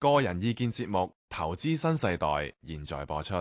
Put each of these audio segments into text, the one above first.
個人意見節目《投資新世代》現在播出。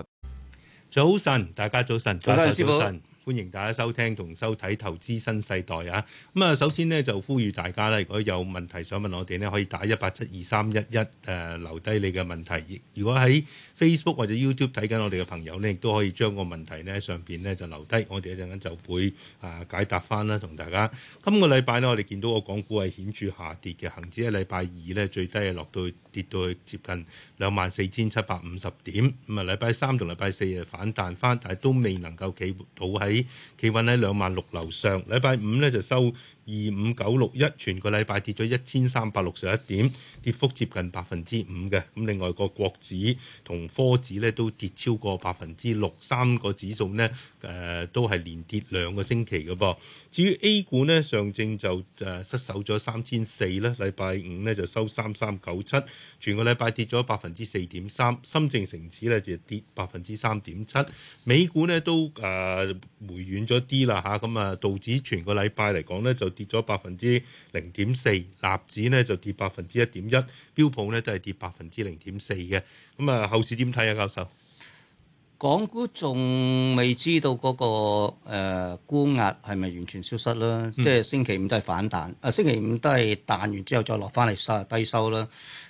早晨，大家早晨，早晨，早晨。歡迎大家收聽同收睇《投資新世代》啊！咁啊，首先呢，就呼籲大家咧，如果有問題想問我哋咧，可以打一八七二三一一誒，留低你嘅問題。如果喺 Facebook 或者 YouTube 睇緊我哋嘅朋友咧，亦都可以將個問題咧上邊咧就留低，我哋一陣間就會誒、啊、解答翻啦，同大家。今個禮拜呢，我哋見到個港股係顯著下跌嘅，恆指喺禮拜二咧最低係落到跌到去接近兩萬四千七百五十點。咁、嗯、啊，禮拜三同禮拜四啊反彈翻，但係都未能夠企到喺。企穩喺兩萬六樓上，禮拜五咧就收。二五九六一，全個禮拜跌咗一千三百六十一點，跌幅接近百分之五嘅。咁另外個國指同科指咧都跌超過百分之六，三個指數呢誒、呃、都係連跌兩個星期嘅噃。至於 A 股呢，上證就誒失守咗三千四咧，禮拜五呢就收三三九七，全個禮拜跌咗百分之四點三。深證成指咧就跌百分之三點七。美股呢都誒、呃、回軟咗啲啦嚇，咁啊道指全個禮拜嚟講呢就。跌咗百分之零點四，納指咧就跌百分之一點一，標普咧都係跌百分之零點四嘅。咁啊，後市點睇啊，教授？港股仲未知道嗰、那個誒、呃、沽壓係咪完全消失啦？嗯、即係星期五都係反彈，啊、呃、星期五都係彈完之後再落翻嚟收低收啦。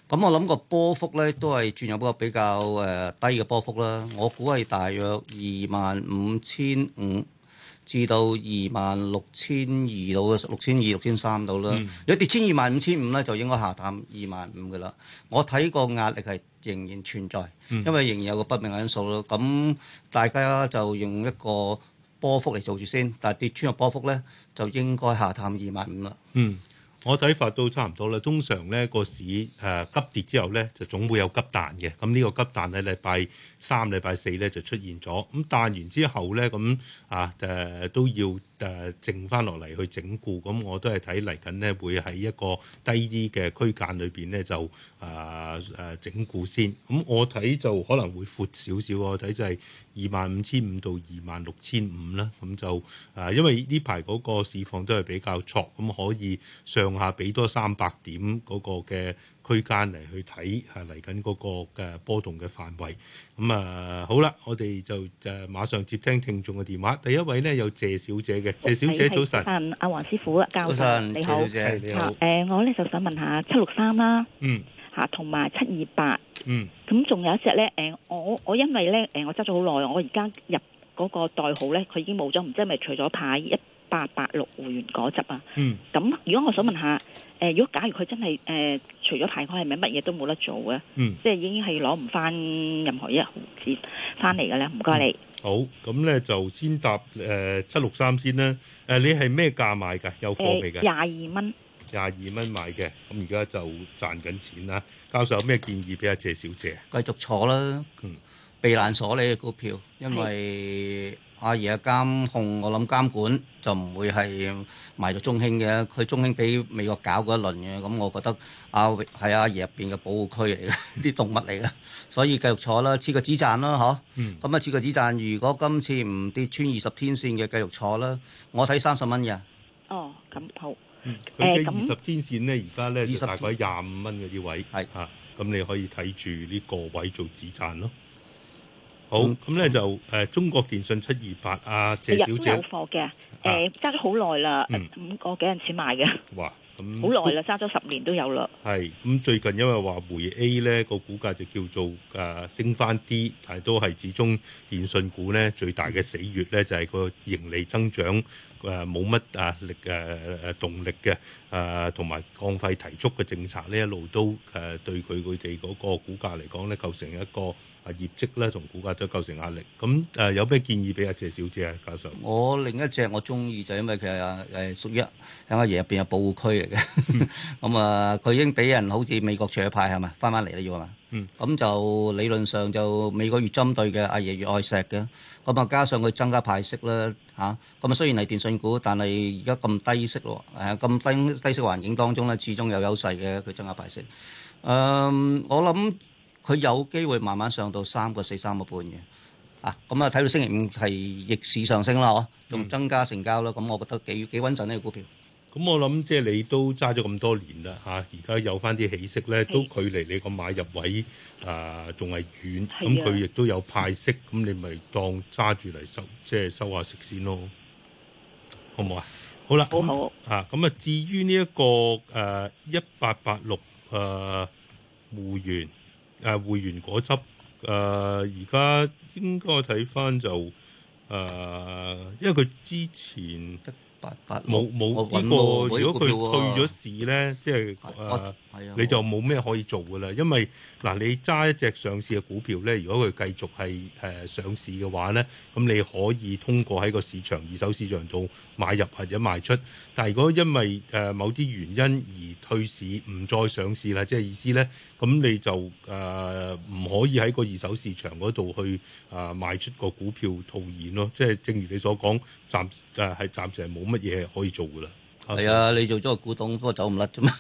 咁我諗個波幅咧都係轉入一個比較誒、呃、低嘅波幅啦。我估係大約二萬五千五。至到二萬六千二到，六千二六千三到啦。嗯。如果跌穿二萬五千五咧，就應該下探二萬五嘅啦。我睇個壓力係仍然存在，因為仍然有個不明嘅因素咯。咁大家就用一個波幅嚟做住先，但係跌穿個波幅咧，就應該下探二萬五啦。嗯。我睇法都差唔多啦，通常咧個市誒、呃、急跌之後咧，就總會有急彈嘅。咁、嗯、呢、這個急彈喺禮拜三、禮拜四咧就出現咗。咁、嗯、彈完之後咧，咁、嗯、啊誒、呃、都要。誒淨翻落嚟去整固，咁我都係睇嚟緊咧會喺一個低啲嘅區間裏邊咧就誒誒、呃啊、整固先。咁我睇就可能會闊少少，我睇就係二萬五千五到二萬六千五啦。咁就啊，因為呢排嗰個市況都係比較挫，咁可以上下俾多三百點嗰個嘅區間嚟，去睇，係嚟緊嗰個嘅波動嘅範圍。咁啊，好啦，我哋就誒馬上接聽聽眾嘅電話。第一位呢，有謝小姐嘅，近謝小姐早晨，阿黃師傅教授，早晨上好，你好，誒、啊，我呢就想問下七六三啦，嗯，吓同埋七二八，嗯，咁仲有一隻呢，誒，我我因為呢，誒，我執咗好耐，我而家入嗰個代號呢，佢已經冇咗，唔知係咪除咗牌一八八六會員嗰隻啊？嗯，咁如果我想問下。誒，如果假如佢真係誒、呃，除咗派開，係咪乜嘢都冇得做嘅？嗯，即係已經係攞唔翻任何一毫子翻嚟嘅咧。唔該、嗯、你、嗯。好，咁咧就先答誒七六三先啦。誒、呃，你係咩價買嘅？有貨未嘅？廿二蚊。廿二蚊買嘅，咁而家就賺緊錢啦。教授有咩建議俾阿謝小姐？繼續坐啦。嗯。避難所你嘅股票，因為。阿爺啊，監控我諗監管就唔會係賣咗中興嘅，佢中興俾美國搞嗰一輪嘅，咁、嗯、我覺得阿係阿爺入邊嘅保護區嚟嘅，啲 動物嚟嘅，所以繼續坐啦，切個止賺啦，嚇。嗯。咁啊，切個止賺，如果今次唔跌穿二十天線嘅，繼續坐啦。我睇三十蚊嘅。哦，咁好。佢誒。二十天線咧，而家咧就大概廿五蚊嘅啲位。係是啊。咁你可以睇住呢個位做止賺咯。好，咁咧就誒中國電信七二八啊，謝小姐都有貨嘅，誒揸咗好耐啦，五個幾銀錢買嘅，哇，咁好耐啦，揸咗十年都有啦。係，咁最近因為話回 A 咧個股價就叫做誒升翻啲，但係都係始終電信股咧最大嘅死穴咧，就係個盈利增長。誒冇乜誒力誒誒動力嘅誒，同、呃、埋降費提速嘅政策呢一路都誒、呃、對佢佢哋嗰個股價嚟講咧，構成一個誒業績咧，同股價都構成壓力。咁誒、呃、有咩建議俾阿謝小姐啊，教授？我另一隻我中意就係，因為佢係誒屬於喺阿爺入邊嘅保護區嚟嘅，咁啊佢已經俾人好似美國除咗派係咪？翻返嚟啦要啊！嗯，咁就理論上就美國越針對嘅，阿爺越愛錫嘅，咁啊加上佢增加派息啦吓，咁啊雖然係電信股，但係而家咁低息喎，誒咁低低息環境當中咧，始終有優勢嘅佢增加派息，誒我諗佢有機會慢慢上到三個四三個半嘅，啊咁啊睇到星期五係逆市上升啦，嗬，仲增加成交啦，咁我覺得幾幾穩陣呢個股票。咁、嗯、我諗，即係你都揸咗咁多年啦，嚇、啊！而家有翻啲起色咧，是都距離你個買入位、呃、啊，仲係遠。咁佢亦都有派息，咁、嗯、你咪當揸住嚟收，即係收下息先咯，好唔好，好，好，好，好啊？好啦，好好啊！咁啊，至於呢、這、一個誒一八八六誒會員誒會員果汁誒，而、呃、家應該睇翻就誒、呃，因為佢之前。百百冇冇呢個，如果佢退咗市咧，即係誒，你就冇咩可以做嘅啦。因為嗱，你揸一隻上市嘅股票咧，如果佢繼續係誒上市嘅話咧，咁你可以通過喺個市場二手市場度買入或者賣出。但係如果因為誒某啲原因而退市，唔再上市啦，即係意思咧，咁你就誒唔可以喺個二手市場嗰度去誒賣出個股票套現咯。即係正如你所講，暫時誒係暫時係冇。乜嘢可以做噶啦？係啊，你做咗個股東，不過走唔甩啫嘛。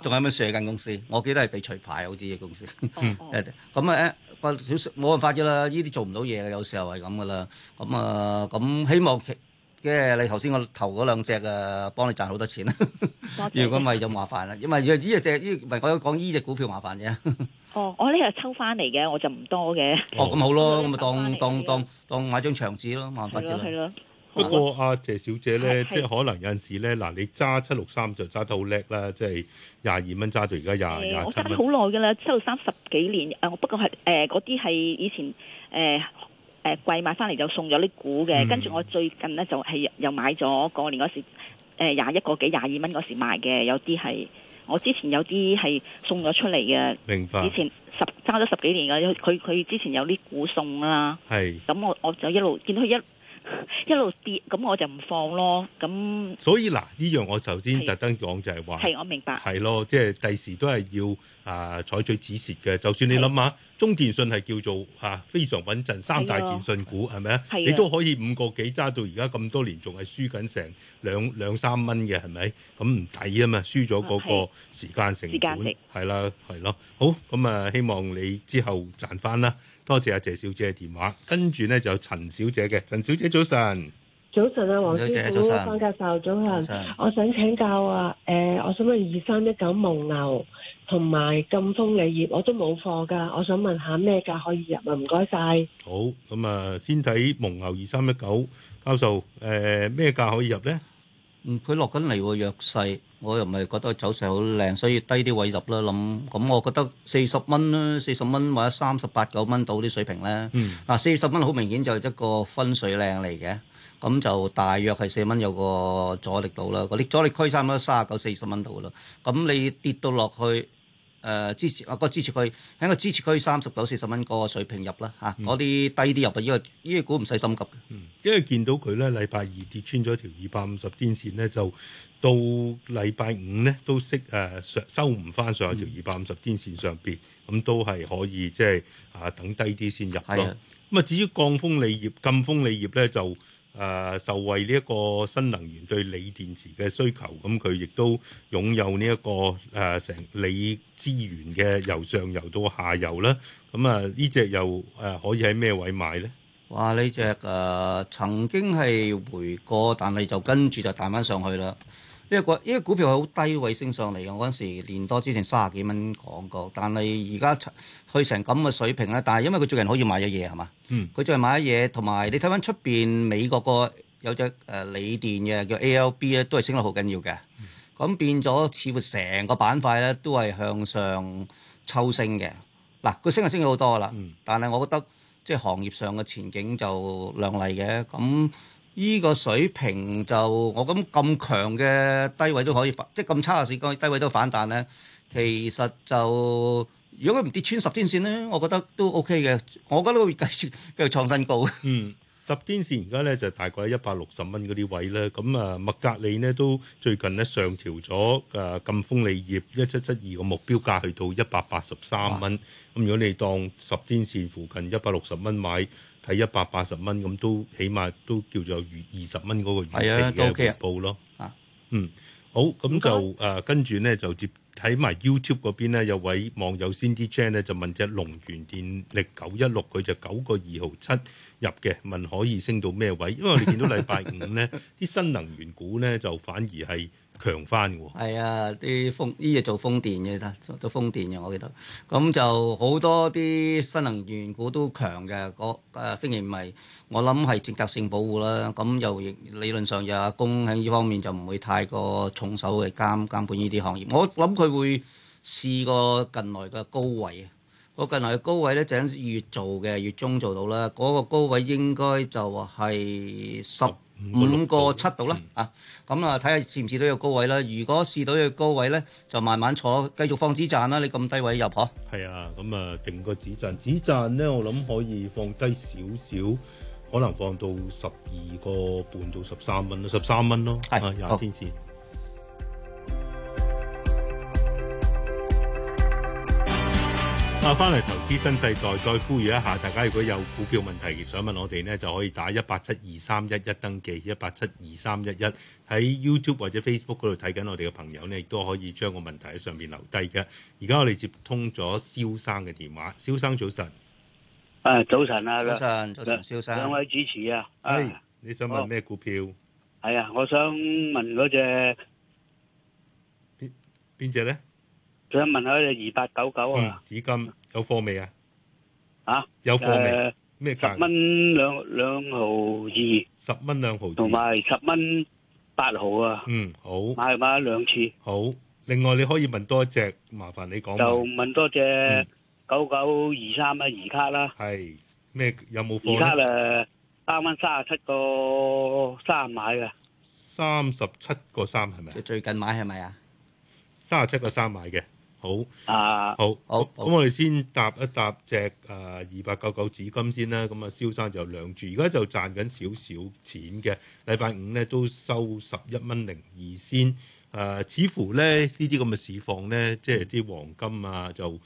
仲有咩蝕緊公司？我記得係被除牌好似嘅公司。嗯。咁啊，誒，冇辦法噶啦，呢啲做唔到嘢嘅，有時候係咁噶啦。咁啊，咁希望即係你頭先我投嗰兩隻啊，幫你賺好多錢啊！如果唔係就麻煩啦，因為呢隻呢，唔係我講呢隻股票麻煩啫。哦，我呢日抽翻嚟嘅，我就唔多嘅。哦，咁好咯，咁咪當當當當買張牆紙咯，麻煩囉。不過阿謝小姐咧，是是 即係可能有陣時咧，嗱你揸七六三就揸得好叻啦，即係廿二蚊揸到而家廿廿七蚊。我揸咗好耐嘅啦，七六三十幾年。我不過係誒嗰啲係以前誒誒、呃呃、貴買翻嚟就送咗啲股嘅，跟住我最近咧就係、是、又買咗過年嗰時廿一個幾廿二蚊嗰時買嘅，有啲係我之前有啲係送咗出嚟嘅。明白。以前十揸咗十幾年嘅，佢佢之前有啲股送啦。係的。咁我我就一路見到佢一。一路跌，咁我就唔放咯。咁所以嗱，呢樣我頭先特登講就係話，係我明白，係咯，即係第時都係要啊採取止蝕嘅。就算你諗下，中電信係叫做啊非常穩陣，三大電信股係咪啊？你都可以五個幾揸到而家咁多年，仲係輸緊成兩兩三蚊嘅，係咪？咁唔抵啊嘛，輸咗嗰個時間成本，係啦，係咯。好，咁啊，希望你之後賺翻啦。多謝阿謝小姐嘅電話，跟住咧就有陳小姐嘅。陳小姐早晨，早晨啊，黃師傅早晨，方教授，早晨，我想請教啊，誒、呃，我想問二三一九蒙牛同埋金峰嘅業，我都冇貨噶，我想問下咩價可以入啊？唔該晒。好，咁啊，先睇蒙牛二三一九，教授，誒、呃，咩價可以入咧？嗯，佢落緊嚟弱勢，我又唔係覺得走勢好靚，所以低啲位入啦，諗咁我覺得四十蚊啦，四十蚊或者三十八九蚊到啲水平咧。嗱、嗯，四十蚊好明顯就係一個分水嶺嚟嘅，咁就大約係四蚊有個阻力到啦。嗰啲阻力區差唔多三十九、四十蚊到噶啦，咁你跌到落去。誒、呃、支持我覺得支持佢喺個支持區三十九四十蚊嗰個水平入啦嚇，啲低啲入啊，因為呢隻股唔使心急嘅。嗯，因為見到佢咧，禮拜二跌穿咗條二百五十天線咧，就到禮拜五咧都息誒、啊、上收唔翻上條二百五十天線上邊，咁、嗯嗯、都係可以即係、就是、啊等低啲先入咯。咁啊，至於降風利業、禁風利業咧就。誒，受惠呢一個新能源對鋰電池嘅需求，咁佢亦都擁有呢、這、一個誒、呃、成鋰資源嘅由上游到下游啦。咁啊，呢、這、隻、個、又誒、啊、可以喺咩位買咧？哇！呢隻誒曾經係回過，但係就跟住就彈翻上去啦。因為個依個股票係好低位升上嚟嘅，我嗰陣時年多之前三十幾蚊講過，但係而家去成咁嘅水平咧。但係因為佢最近可以買咗嘢係嘛，佢最近買咗嘢同埋你睇翻出邊美國個有隻誒鋰電嘅叫 ALB 咧，都係升得好緊要嘅。咁、嗯、變咗似乎成個板塊咧都係向上抽升嘅。嗱，佢升係升咗好多啦，但係我覺得即係、就是、行業上嘅前景就亮麗嘅咁。依個水平就我諗咁強嘅低位都可以反，即係咁差嘅市況，低位都反彈咧。其實就如果佢唔跌穿十天線咧，我覺得都 OK 嘅。我覺得都會繼續繼續創新高。嗯，十天線而家咧就是、大概一百六十蚊嗰啲位咧，咁啊麥格里呢，都最近咧上調咗啊贛鋒鋰業一七七二個目標價去到一百八十三蚊。咁哇如果你當十天線附近一百六十蚊買。睇一百八十蚊，咁都起碼都叫做二十蚊嗰個預期嘅回報咯。啊啊啊、嗯，好，咁就誒、啊、跟住咧就接睇埋 YouTube 嗰邊咧，有位網友 Cindy Chan 咧就問隻龍源電力九一六，佢就九個二毫七入嘅，問可以升到咩位？因為我哋見到禮拜五咧啲 新能源股咧就反而係。強翻喎！係啊，啲風呢嘢做風電嘅，得做風電嘅，我記得。咁就好多啲新能源股都強嘅。個、呃、星期五咪，我諗係政策性保護啦。咁又亦理論上又阿公喺呢方面就唔會太過重手嘅監監管呢啲行業。我諗佢會試過近來嘅高位。個近來嘅高位咧，就喺月做嘅，月中做到啦。嗰、個高位應該就係十。五個七度啦，度嗯、啊，咁啊，睇下試唔試到有高位啦。如果試到有高位咧，就慢慢坐，繼續放止賺啦。你咁低位入呵？係啊，咁啊、嗯、定個止賺，止賺咧我諗可以放低少少，可能放到十二個半到十三蚊，十三蚊咯，係廿是、啊、天線。啊！翻嚟投資新世代，再呼籲一下大家，如果有股票問題想問我哋呢，就可以打一八七二三一一登記，一八七二三一一喺 YouTube 或者 Facebook 度睇緊我哋嘅朋友呢都可以將個問題喺上面留低嘅。而家我哋接通咗蕭生嘅電話，蕭生早晨。誒、啊，早晨啊，早晨，早晨，早晨，蕭生，兩位主持啊，係、啊 hey, 你想問咩、哦、股票？係啊，我想問嗰隻邊邊隻呢？想問下二八九九啊？紫金有貨未啊？啊有貨未？咩價？蚊兩兩毫二，十蚊兩毫二，同埋十蚊八毫啊。嗯好，買買兩次。好，另外你可以問多一隻，麻煩你講。就問多隻九九二三啊，移卡啦。係咩有冇貨？移卡咧？啱啱三十七個三買嘅。三十七個三係咪？即最近買係咪啊？三十七個三買嘅。好啊，好，uh, 好，咁，我哋先搭一搭一隻啊二八九九紫金先啦。咁、嗯、啊，蕭生就兩注，而家就賺緊少少錢嘅。禮拜五咧都收十一蚊零二先啊、呃，似乎咧呢啲咁嘅市況咧，即係啲黃金啊，就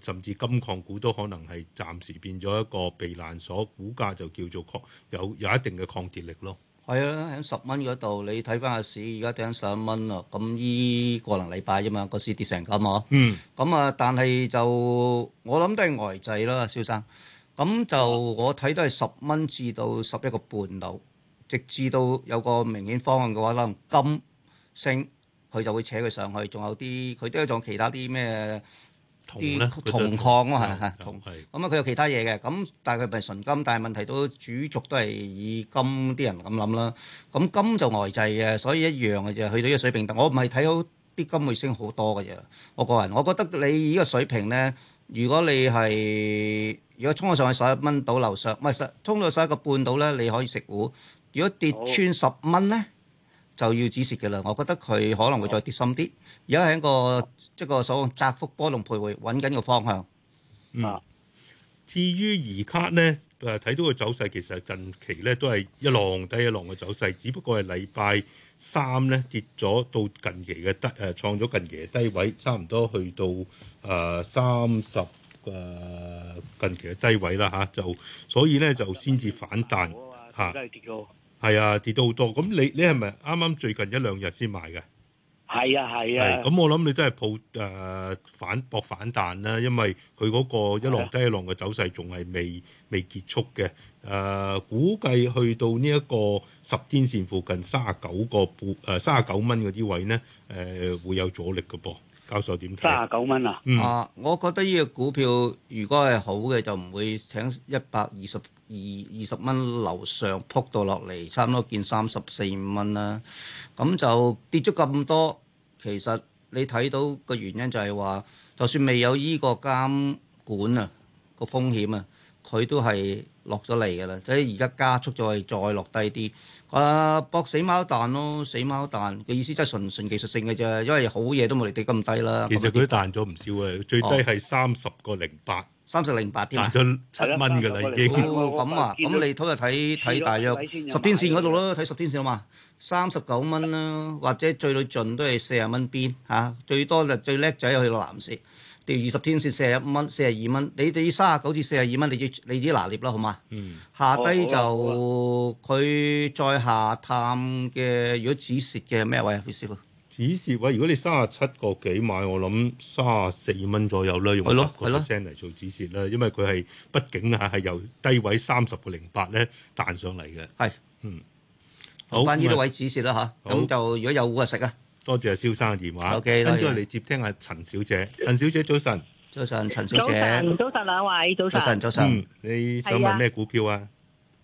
甚至金礦股都可能係暫時變咗一個避難所，股價就叫做抗有有一定嘅抗跌力咯。係啊，喺十蚊嗰度，你睇翻個市，而家跌緊十一蚊啊。咁依個能禮拜啫嘛，個市跌成咁啊。嗯。咁啊，但係就我諗都係呆滯啦，蕭生。咁就我睇都係十蚊至到十一個半度，直至到有個明顯方向嘅話，可能金升佢就會扯佢上去。仲有啲，佢都有仲其他啲咩？啲銅，銅礦咯，係咪啊？銅。咁啊，佢有其他嘢嘅，咁，但係佢唔係純金，但係問題都主軸都係以金啲人咁諗啦。咁金就呆滯嘅，所以一樣嘅啫。去到呢個水平，但我唔係睇到啲金會升好多嘅啫。我個人，我覺得你呢個水平咧，如果你係如果衝咗上去十一蚊到樓上，唔係十衝咗十一個半到咧，你可以食糊。如果跌穿十蚊咧？就要止蝕嘅啦，我覺得佢可能會再跌深啲。而家喺個即係、這個所謂窄幅波動徘徊，揾緊個方向。嗯。至於而家咧，誒睇到個走勢，其實近期咧都係一浪低一浪嘅走勢，只不過係禮拜三咧跌咗到近期嘅低誒創咗近期嘅低位，差唔多去到誒三十誒近期嘅低位啦吓、啊，就所以咧就先至反彈嚇。啊。係啊，跌到好多。咁你你係咪啱啱最近一兩日先買嘅？係啊係啊。咁、啊、我諗你都係抱誒、呃、反博反彈啦，因為佢嗰個一浪低一浪嘅走勢仲係未未結束嘅。誒、呃，估計去到呢一個十天線附近三十九個半誒三十九蚊嗰啲位咧，誒、呃、會有阻力嘅噃。教授點睇？三十九蚊啊！嗯、啊，我覺得呢個股票如果係好嘅，就唔會請一百二十二二十蚊樓上撲到落嚟，差唔多見三十四五蚊啦。咁就跌咗咁多，其實你睇到個原因就係話，就算未有呢個監管啊，個風險啊，佢都係。落咗嚟㗎啦，即係而家加速再再落低啲。啊，搏死貓彈咯，死貓彈嘅意思即係純純技術性嘅啫，因為好嘢都冇嚟得咁低啦。其實佢都彈咗唔少啊，最低係三十個零八，三十零八點啊，彈咗七蚊㗎啦。哦，咁啊 30.，咁你都係睇睇大約十天線嗰度咯，睇十天線啊嘛，三十九蚊啦，或者最到盡都係四啊蚊邊嚇，最多就係、最叻仔去到藍線。第二十天線四十一蚊、四十二蚊，你哋三十九至四十二蚊，你自你自己拿捏啦，好嘛？嗯，下低就佢再下探嘅，如果止蝕嘅咩位啊？胡少？止蝕位，如果你三十七個幾買，我諗三十四蚊左右啦，用十個 percent 嚟做止蝕啦，因為佢係畢竟啊係由低位三十個零八咧彈上嚟嘅。係，嗯，好，返呢度位止蝕啦吓。咁就如果有股啊食啊。多謝蕭生嘅電話。OK，嚟咗嚟接聽阿陳小姐。陳小姐早晨，早晨，陳小姐早晨，早晨兩位早晨，早晨、嗯。你想問咩股票啊，啊？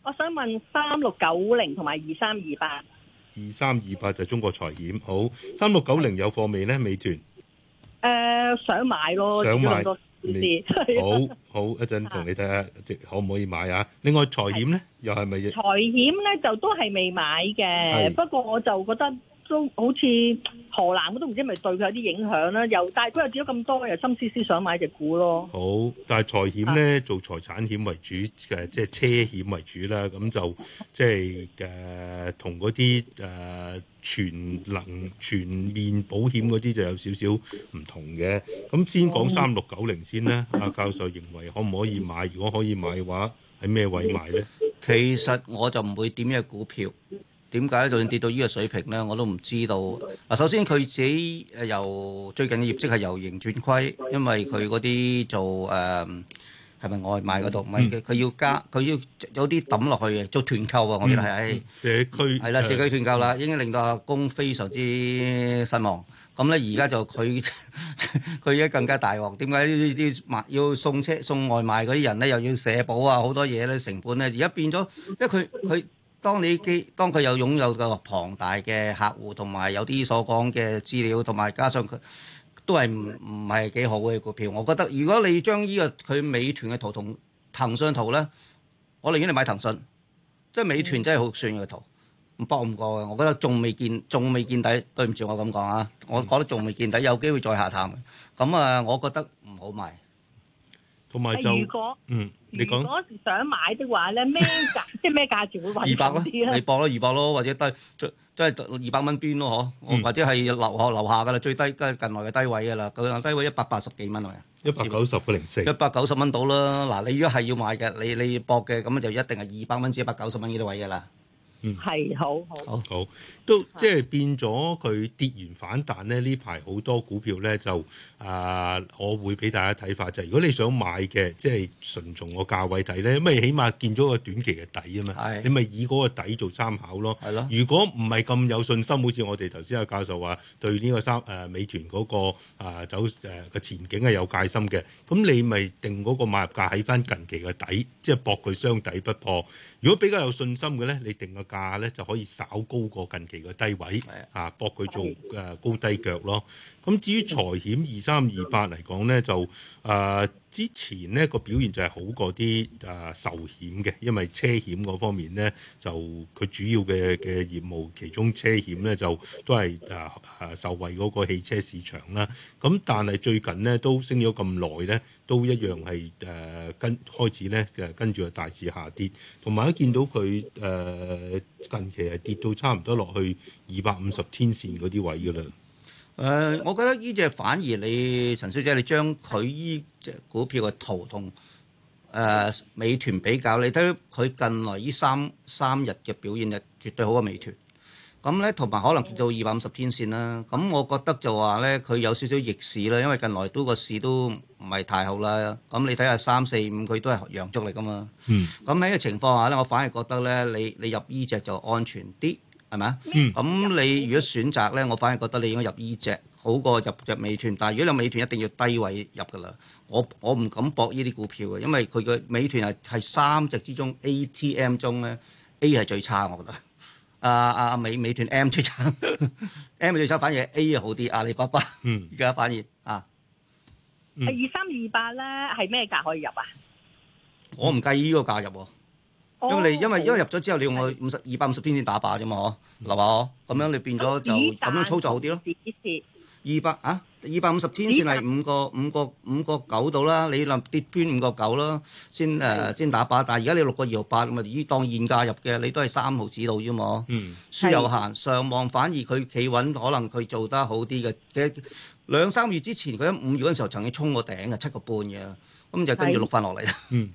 我想問三六九零同埋二三二八。二三二八就係中國財險，好。三六九零有貨未呢？美團。誒、呃，想買咯，想買。好好，一陣同你睇下，可唔可以買啊？另外財險咧，是又係咪？財險咧就都係未買嘅，是是不過我就覺得。都好似河南都唔知係咪對佢有啲影響啦，又但係佢又跌咗咁多，又心思思想買隻股咯。好，但係財險咧、啊、做財產險為主嘅，即、就、係、是、車險為主啦，咁就即係誒同嗰啲誒全能全面保險嗰啲就有少少唔同嘅。咁先講三六九零先啦。阿、嗯、 教授認為可唔可以買？如果可以買嘅話，喺咩位買咧？其實我就唔會點嘅股票。點解就算跌到呢個水平咧，我都唔知道。嗱，首先佢自己誒由最近嘅業績係由盈轉虧，因為佢嗰啲做誒係咪外賣嗰度？唔係，佢要加，佢要有啲抌落去嘅做團購啊，我哋喺社區係啦，社區團購啦，已經令到阿公非常之失望。咁咧，而家就佢，佢而家更加大鑊。點解要要要送車送外賣嗰啲人咧，又要社保啊，好多嘢咧，成本咧而家變咗，因為佢佢。當你機，當佢有擁有個龐大嘅客戶，同埋有啲所講嘅資料，同埋加上佢都係唔唔係幾好嘅股票。我覺得如果你將呢個佢美團嘅圖同騰訊圖呢，我寧願你買騰訊，即係美團真係好算嘅圖，博唔過嘅。我覺得仲未見，仲未見底。對唔住我咁講啊，我覺得仲未見底，有機會再下探。咁啊，我覺得唔好買。同埋就，嗯，你講如果是想買的話咧，咩價， 即係咩價錢會穩二百啦，你搏啦，二百咯，或者低，即係二百蚊邊咯，嗬、嗯？或者係樓下樓下噶啦，最低即係近來嘅低位啊啦，個低位一百八十幾蚊啊，一百九十個零四，一百九十蚊到啦。嗱，你如果係要買嘅，你你搏嘅，咁就一定係二百蚊至一百九十蚊呢啲位噶啦。嗯，係，好好，好好。都即係變咗佢跌完反彈咧，呢排好多股票咧就啊、呃，我會俾大家睇法就係、是，如果你想買嘅，即係純從個價位睇咧，咪起碼見咗個短期嘅底啊嘛。的你咪以嗰個底做參考咯。係咯的。如果唔係咁有信心，好似我哋頭先阿教授話對呢個三誒、呃、美團嗰、那個啊、呃、走誒個、呃、前景係有戒心嘅，咁你咪定嗰個買入價喺返近期嘅底，即係博佢雙底不破。如果比較有信心嘅咧，你定個價咧就可以稍高過近期。其個低位啊，搏佢做誒、啊、高低腳咯。咁至於財險二三二八嚟講咧，就誒。啊之前咧、嗰個表現就係好過啲誒壽險嘅，因為車險嗰方面咧就佢主要嘅嘅業務，其中車險咧就都係誒誒受惠嗰個汽車市場啦。咁但係最近咧都升咗咁耐咧，都一樣係誒、呃、跟開始咧誒跟住去大市下跌，同埋一見到佢誒、呃、近期係跌到差唔多落去二百五十天線嗰啲位㗎啦。誒、呃，我覺得呢隻反而你陳小姐，你將佢依隻股票嘅圖同誒、呃、美團比較，你睇佢近來依三三日嘅表現，就絕對好過美團。咁咧，同埋可能到二百五十天線啦。咁我覺得就話咧，佢有少少逆市啦，因為近來都個市都唔係太好啦。咁你睇下三四五，佢都係陽燭嚟㗎嘛。嗯。咁喺個情況下咧，我反而覺得咧，你你入依隻就安全啲。係咪？咁、嗯、你如果選擇咧，我反而覺得你應該入依隻，好過入入美團。但係如果你美團，一定要低位入噶啦。我我唔敢博呢啲股票嘅，因為佢個美團係係三隻之中，ATM 中 A T M 中咧 A 係最差，我覺得。阿阿美美團 M 最差 ，M 最差，反而 A 好啲。阿里巴巴而家、嗯、反而啊，係二三二八咧，係咩價可以入啊？我唔介意呢個價入。因為你因為因為入咗之後，你用佢五十二百五十天先打靶啫嘛，嗱係嘛？咁樣你變咗就咁樣操作好啲咯。二百啊，二百五十天線係五個五個五個九度啦，你諗跌穿五個九啦，先誒先打靶。但係而家你六個二號八，咪以當現價入嘅，你都係三毫紙到啫嘛。嗯，輸有限，上網反而佢企穩，可能佢做得好啲嘅。其實兩三月之前，佢喺五月嗰陣時候曾經衝過頂啊，七個半嘅，咁就跟住落翻落嚟啦。嗯。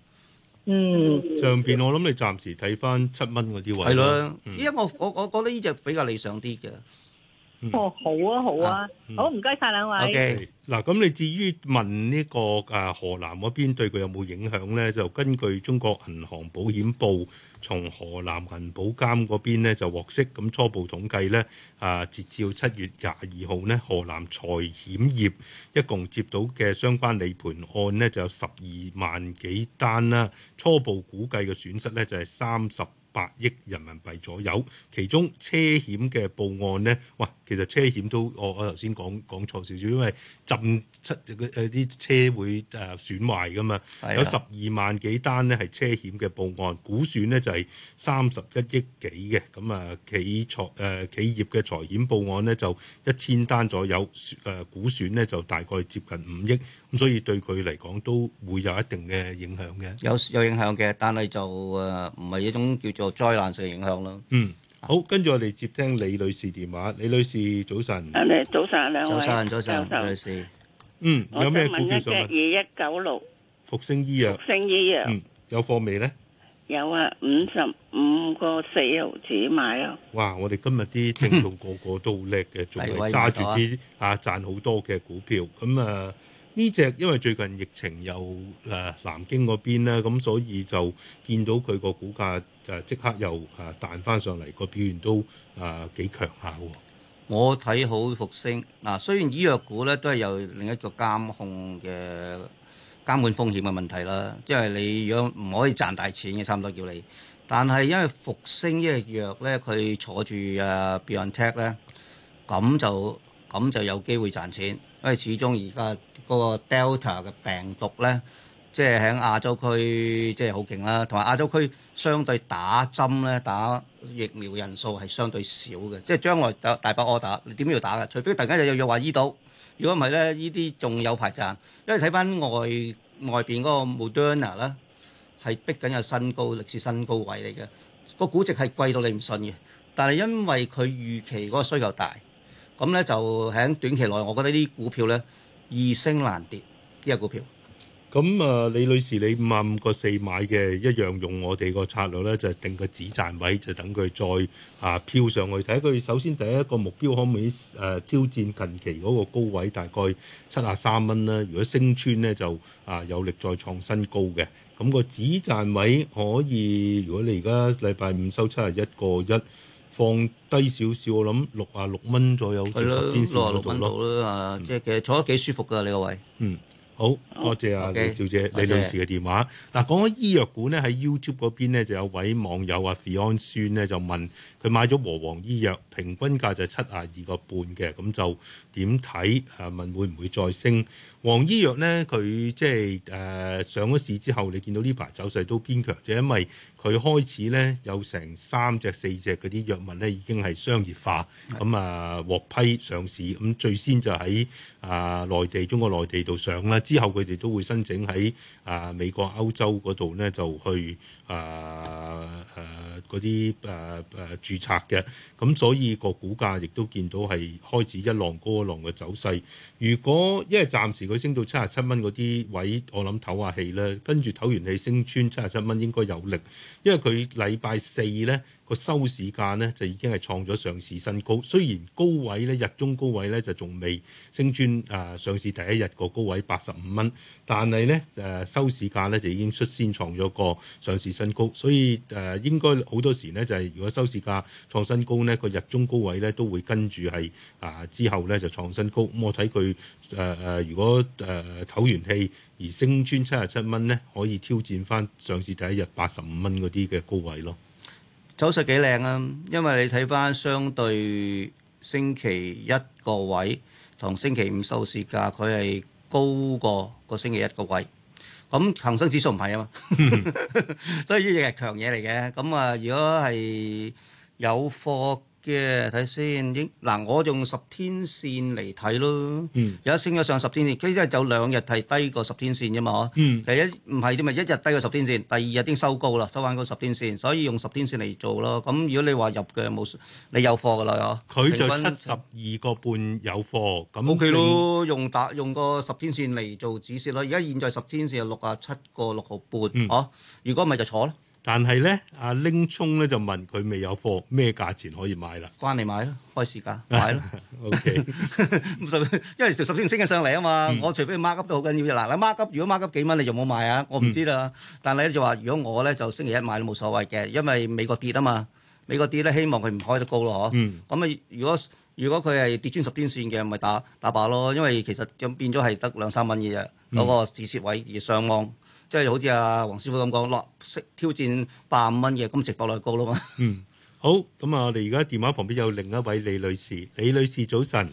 嗯，上邊我諗你暫時睇翻七蚊嗰啲位咯。係咯的，嗯，因為我我我覺得呢隻比較理想啲嘅。哦，好啊，好啊，好，唔該晒兩位。OK，嗱，咁你至於問呢個啊河南嗰邊對佢有冇影響咧？就根據中國銀行保險部從河南銀保監嗰邊咧就獲悉，咁初步統計咧啊，截至到七月廿二號咧，河南財險業一共接到嘅相關理賠案咧就有十二萬幾單啦，初步估計嘅損失咧就係三十百億人民幣左右，其中車險嘅報案咧，哇，其實車險都我我頭先講講錯少少，因為浸出嘅啲車會誒、啊、損壞噶嘛，有十二萬幾單咧係車險嘅報案，估損咧就係三十一億幾嘅咁啊。企財誒、呃、企業嘅財險報案咧就一千單左右，誒估損咧、呃、就大概接近五億。咁所以對佢嚟講都會有一定嘅影響嘅，有有影響嘅，但係就誒唔係一種叫做災難性影響咯。嗯，好，跟住我哋接聽李女士電話。李女士，早晨。誒，早晨兩位。早晨，早晨，李女士。嗯，有咩股票想問？二一九六，復星醫藥。復星醫藥。嗯，有貨未咧？有啊，五十五個四毫紙買啊。哇！我哋今日啲聽眾個個都叻嘅，仲係揸住啲啊賺好多嘅股票咁啊！呢隻因為最近疫情又誒、呃、南京嗰邊咧，咁所以就見到佢個股價就、呃、即刻又誒彈翻上嚟，個表現都誒幾強效喎。呃哦、我睇好復星嗱、啊，雖然醫藥股咧都係有另一個監控嘅監管風險嘅問題啦，即係你如果唔可以賺大錢嘅，差唔多叫你。但係因為復星個藥呢隻藥咧，佢坐住誒、啊、BioNTech 咧，咁就咁就有機會賺錢。因為始終而家嗰個 Delta 嘅病毒咧，即係喺亞洲區即係好勁啦，同埋亞洲區相對打針咧打疫苗人數係相對少嘅，即係將來打大把 order，你點都要打嘅，除非突然間有有藥話醫到。如果唔係咧，呢啲仲有排賺。因為睇翻外外邊嗰個 Moderna 啦，係逼緊有新高，歷史新高位嚟嘅，這個估值係貴到你唔信嘅。但係因為佢預期嗰個需求大。咁咧就喺短期內，我覺得啲股票咧易升難跌，呢個股票。咁啊，李女士，你五十五個四買嘅一樣，用我哋個策略咧，就定個止賺位，就等佢再啊飄上去睇。佢首先第一個目標可唔可以誒挑戰近期嗰個高位，大概七十三蚊啦。如果升穿咧，就啊有力再創新高嘅。咁個止賺位可以，如果你而家禮拜五收七十一個一。放低少少，我諗六啊六蚊左右，四十天線嗰度咯。啊，嗯、即係其實坐得幾舒服噶，你個位。嗯，好，多謝啊李小姐、李 Okay, 女士嘅電話。嗱 okay.、啊，講開醫藥股咧，喺 YouTube 嗰邊咧就有位網友啊，Philan 孫咧就問佢買咗和黃醫藥，平均價就七啊二個半嘅，咁就點睇？啊，問會唔會再升？黃醫藥咧，佢即係誒、呃、上咗市之後，你見到呢排走勢都堅強，就因為佢開始咧有成三隻四隻嗰啲藥物咧已經係商業化、咁啊獲批上市，咁最先就喺啊內地中國內地度上啦，之後佢哋都會申請喺啊美國歐洲嗰度咧就去啊誒嗰啲誒誒註冊嘅，咁所以個股價亦都見到係開始一浪高一浪嘅走勢。如果因為暫時升到七十七蚊嗰啲位，我諗唞下氣啦，跟住唞完氣，升穿七十七蚊應該有力，因為佢禮拜四咧。個收市價呢，就已經係創咗上市新高，雖然高位咧，日中高位咧就仲未升穿誒，上市第一日個高位八十五蚊，但係咧誒，收市價咧就已經率先創咗個上市新高，所以誒，應該好多時呢，就係如果收市價創新高呢，個日中高位咧都會跟住係啊，之後咧就創新高。咁我睇佢誒誒，如果誒唞、呃、完氣而升穿七十七蚊咧，可以挑戰返上市第一日八十五蚊嗰啲嘅高位咯。走勢幾靚啊！因為你睇翻相對星期一個位同星期五收市價，佢係高過個星期一個位。咁恒生指數唔係啊嘛，嗯、 所以呢隻係強嘢嚟嘅。咁啊，如果係有貨。嘅睇，yeah, 先，嗱我用十天線嚟睇咯。有、嗯、升咗上十天線，佢即係走兩日係低過十天線啫嘛。第、嗯、一唔係添，咪一日低過十天線，第二日已經收高啦，收翻過十天線，所以用十天線嚟做咯。咁如果你話入嘅冇，你有貨噶啦嗬。佢就七十二個半有貨，咁均均 OK 咯。用打用個十天線嚟做指示咯。而家現在十天線係六啊七個六毫半，嗬。如果唔係就坐啦。但係咧，阿拎葱咧就問佢未有貨，咩價錢可以買啦？關你買啦，開市價買啦 O K，因為十天線升緊上嚟啊嘛，嗯、我除非孖急都好緊要嘅。嗱，你孖急，如果孖急幾蚊，你就冇買啊？我唔知啦。嗯、但係咧就話，如果我咧就星期一買都冇所謂嘅，因為美國跌啊嘛，美國跌咧希望佢唔開得高咯呵。咁啊、嗯，如果如果佢係跌穿十天線嘅，咪打打靶咯。因為其實就變咗係得兩三蚊嘅啫，嗰個止蝕位而，而、嗯、上岸。即係好似阿黃師傅咁講，落識挑戰百五蚊嘅，咁直播落去高啦嘛。嗯，好，咁啊，我哋而家電話旁邊有另一位李女士，李女士早晨，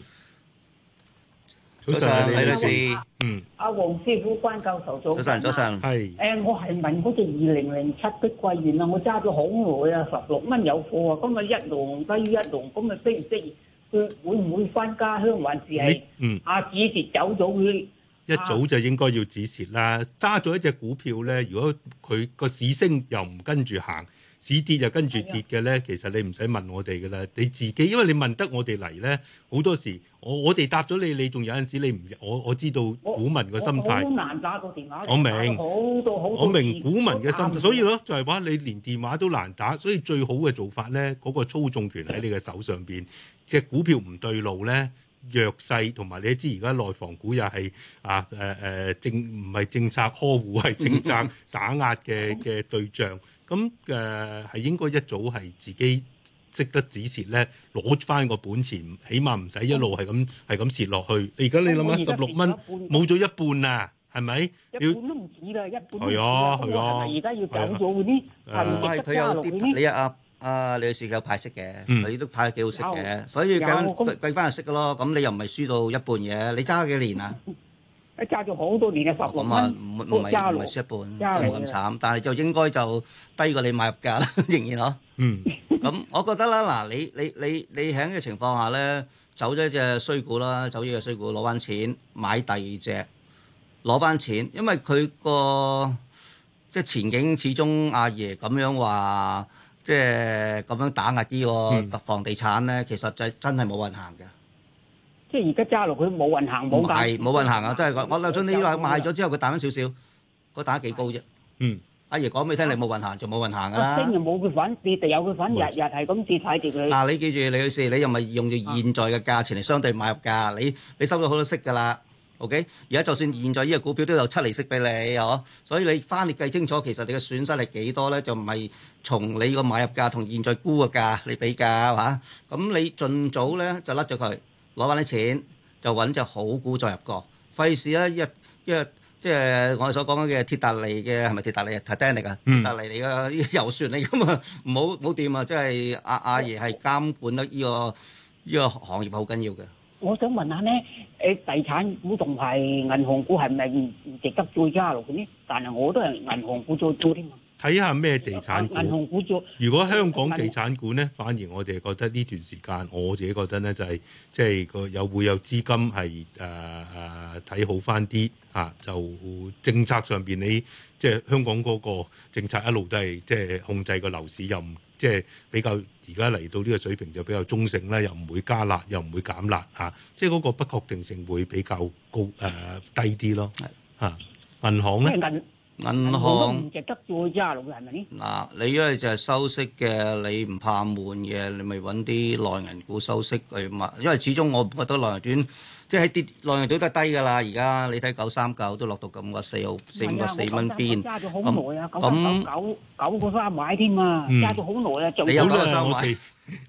早晨。早晨，李女士。嗯。阿黃師傅，關教授早晨，早晨。係。誒，我係問嗰隻二零零七碧桂園啊，我揸咗好耐啊，十六蚊有貨啊，今日一路低一路，咁啊適唔適佢會唔會返家鄉，還是係嗯？啊，只是走咗佢。啊、一早就應該要止蝕啦！揸咗一隻股票咧，如果佢個市升又唔跟住行，市跌又跟住跌嘅咧，其實你唔使問我哋㗎啦，你自己，因為你問得我哋嚟咧，好多時我我哋答咗你，你仲有陣時你唔，我我知道股民個心態。我我好難打個電話。我明我明股民嘅心態，所以咯就係、是、話你連電話都難打，所以最好嘅做法咧，嗰、那個操縱權喺你嘅手上邊， 隻股票唔對路咧。弱勢同埋你知而家內房股又係啊誒誒政唔係政策呵護係政策打壓嘅嘅對象，咁誒係應該一早係自己識得止蝕咧，攞翻個本錢，起碼唔使一路係咁係咁蝕落去。而家你諗下十六蚊，冇咗一半啊，係咪？要，一半都唔止啦，一半。係啊係啊，而家要減咗嗰啲係，睇睇啲平台啊。啊！你有時有派息嘅，你都派得幾好息嘅，所以咁計翻又識嘅咯。咁你又唔係輸到一半嘅？你揸咗幾年啊？你揸咗好多年嘅十萬，唔係唔係輸一半，唔係咁慘。但係就應該就低過你買入價啦，仍然嗬。嗯，咁我覺得啦，嗱，你你你你喺呢個情況下咧，走咗一隻衰股啦，走咗隻衰股攞翻錢買第二隻攞翻錢，因為佢個即係前景，始終阿爺咁樣話。即係咁樣打壓啲特房地產咧，嗯、其實就真係冇運行嘅。即係而家揸落去，冇運行，冇㗎是。係冇運行啊！即係我我諗住你話賣咗之後佢彈翻少少，嗰打幾高啫？嗯，阿爺講俾你聽，你冇運行就冇運行㗎啦。升又冇佢反跌，跌有佢反日日係咁跌睇跌佢。嗱，你記住，李女士，你又咪用住現在嘅價錢嚟相對買入價，你你，你收咗好多息㗎啦。OK，而家就算現在呢個股票都有七厘息俾你，嗬、啊，所以你翻嚟計清楚，其實你嘅損失係幾多咧？就唔係從你個買入價同現在估嘅價嚟比較，嚇、啊。咁、嗯、你盡早咧就甩咗佢，攞翻啲錢就揾隻好股再入過，費事咧一一,一即係我哋所講嘅鐵達尼嘅係咪鐵達尼啊？Titanic 啊，鐵達尼嚟嘅遊船嚟㗎嘛，唔好冇掂啊！即係阿阿爺係監管得、呢、呢個呢、呢個行業好緊要嘅。我想問下咧，誒地產股同埋銀行股係咪唔值得再加落去咧？但係我都係銀行股再做添。睇下咩地產股。銀行股做。如果香港地產股咧，是反而我哋覺得呢段時間，我自己覺得咧就係即係個有會有資金係誒誒睇好翻啲嚇，就政策上邊你即係、就是、香港嗰個政策一路都係即係控制個樓市任。即係比較而家嚟到呢個水平就比較中性啦，又唔會加辣，又唔會減辣啊！即係嗰個不確定性會比較高誒、呃、低啲咯。係啊，銀行咧。銀行唔值得做啫，老細咪。嗱，你因為就係收息嘅，你唔怕悶嘅，你咪揾啲內銀股收息嚟買。因為始終我覺得內銀短，即係跌內銀短得低㗎啦。而家你睇九三九都落到咁個四毫四個四蚊邊。加咗好耐啊，九三九九九個三買添啊，加咗好耐啊，仲要落。好多三買，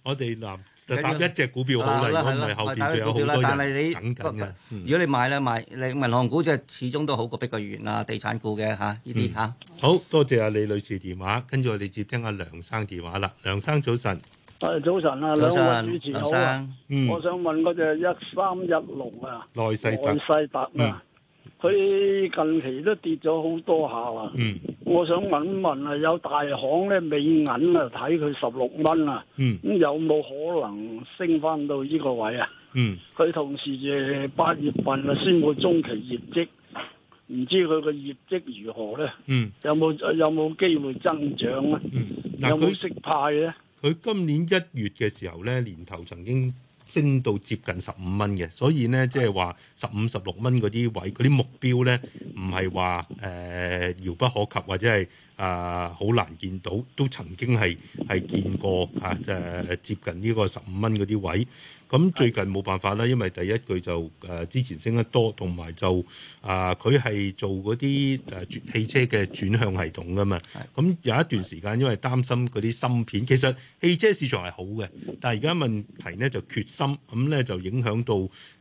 我哋南，打一隻股票好啦，佢唔係後邊仲有好多嘢等等嘅。如果你買咧買，你銀行股即係始終都好過碧桂園啊，地產股嘅嚇呢啲嚇。好多謝阿李女士電話，跟住我哋接聽阿梁生電話啦。梁生早晨。誒早晨啊，兩個主持人好啊。嗯。我想問嗰隻一三一六啊。耐世特。耐世特啊。佢近期都跌咗好多下啦。嗯，我想問問啊，有大行咧，美銀啊，睇佢十六蚊啊。嗯，咁有冇可能升翻到呢個位啊？嗯，佢同時喺八月份啊，宣布中期業績，唔知佢個業績如何咧？嗯，有冇有冇機會增長咧？嗯，有冇息派咧？佢今年一月嘅時候咧，年頭曾經。升到接近十五蚊嘅，所以咧即係話十五十六蚊嗰啲位，嗰啲目標咧，唔係話誒遙不可及或者係啊好難見到，都曾經係係見過啊，即、呃、係接近呢個十五蚊嗰啲位。咁最近冇辦法啦，因為第一句就誒、呃、之前升得多，同埋就啊佢係做嗰啲誒汽車嘅轉向系統㗎嘛。咁、嗯、有一段時間，因為擔心嗰啲芯片，其實汽車市場係好嘅，但係而家問題咧就缺芯，咁、嗯、咧就影響到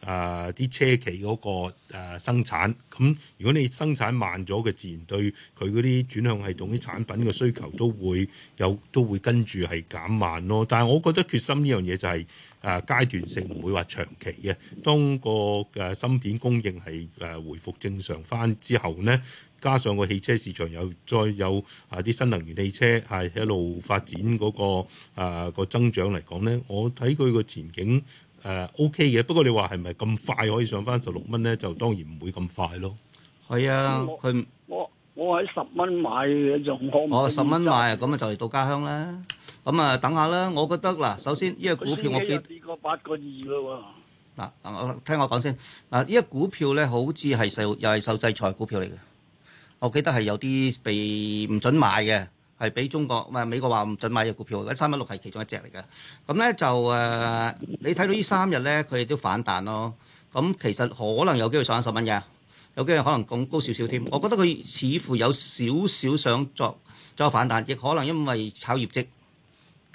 啊啲、呃、車企嗰、那個、呃、生產。咁、嗯、如果你生產慢咗嘅，自然對佢嗰啲轉向系統啲產品嘅需求都會有都會跟住係減慢咯。但係我覺得缺芯呢樣嘢就係、是。啊，階段性唔會話長期嘅。當個嘅芯片供應係誒、啊、回復正常翻之後咧，加上個汽車市場又再有啊啲新能源汽車係一路發展嗰、那個啊個增長嚟講咧，我睇佢個前景誒、啊、OK 嘅。不過你話係咪咁快可以上翻十六蚊咧？就當然唔會咁快咯。係啊、嗯，係我它我喺十蚊買就可哦，十蚊買啊，咁啊就，就嚟到家鄉啦。咁啊，等下啦。我覺得嗱，首先呢、這個股票我記得呢個八個二咯喎嗱，我聽我講先啊。呢、這個股票咧，好似係受又係受制裁股票嚟嘅。我記得係有啲被唔准買嘅，係俾中國唔係美國話唔准買嘅股票。三一六係其中一隻嚟嘅。咁咧就誒、呃，你睇到呢三日咧，佢哋都反彈咯。咁其實可能有機會上一十蚊嘅，有機會可能咁高少少添。我覺得佢似乎有少少想作做反彈，亦可能因為炒業績。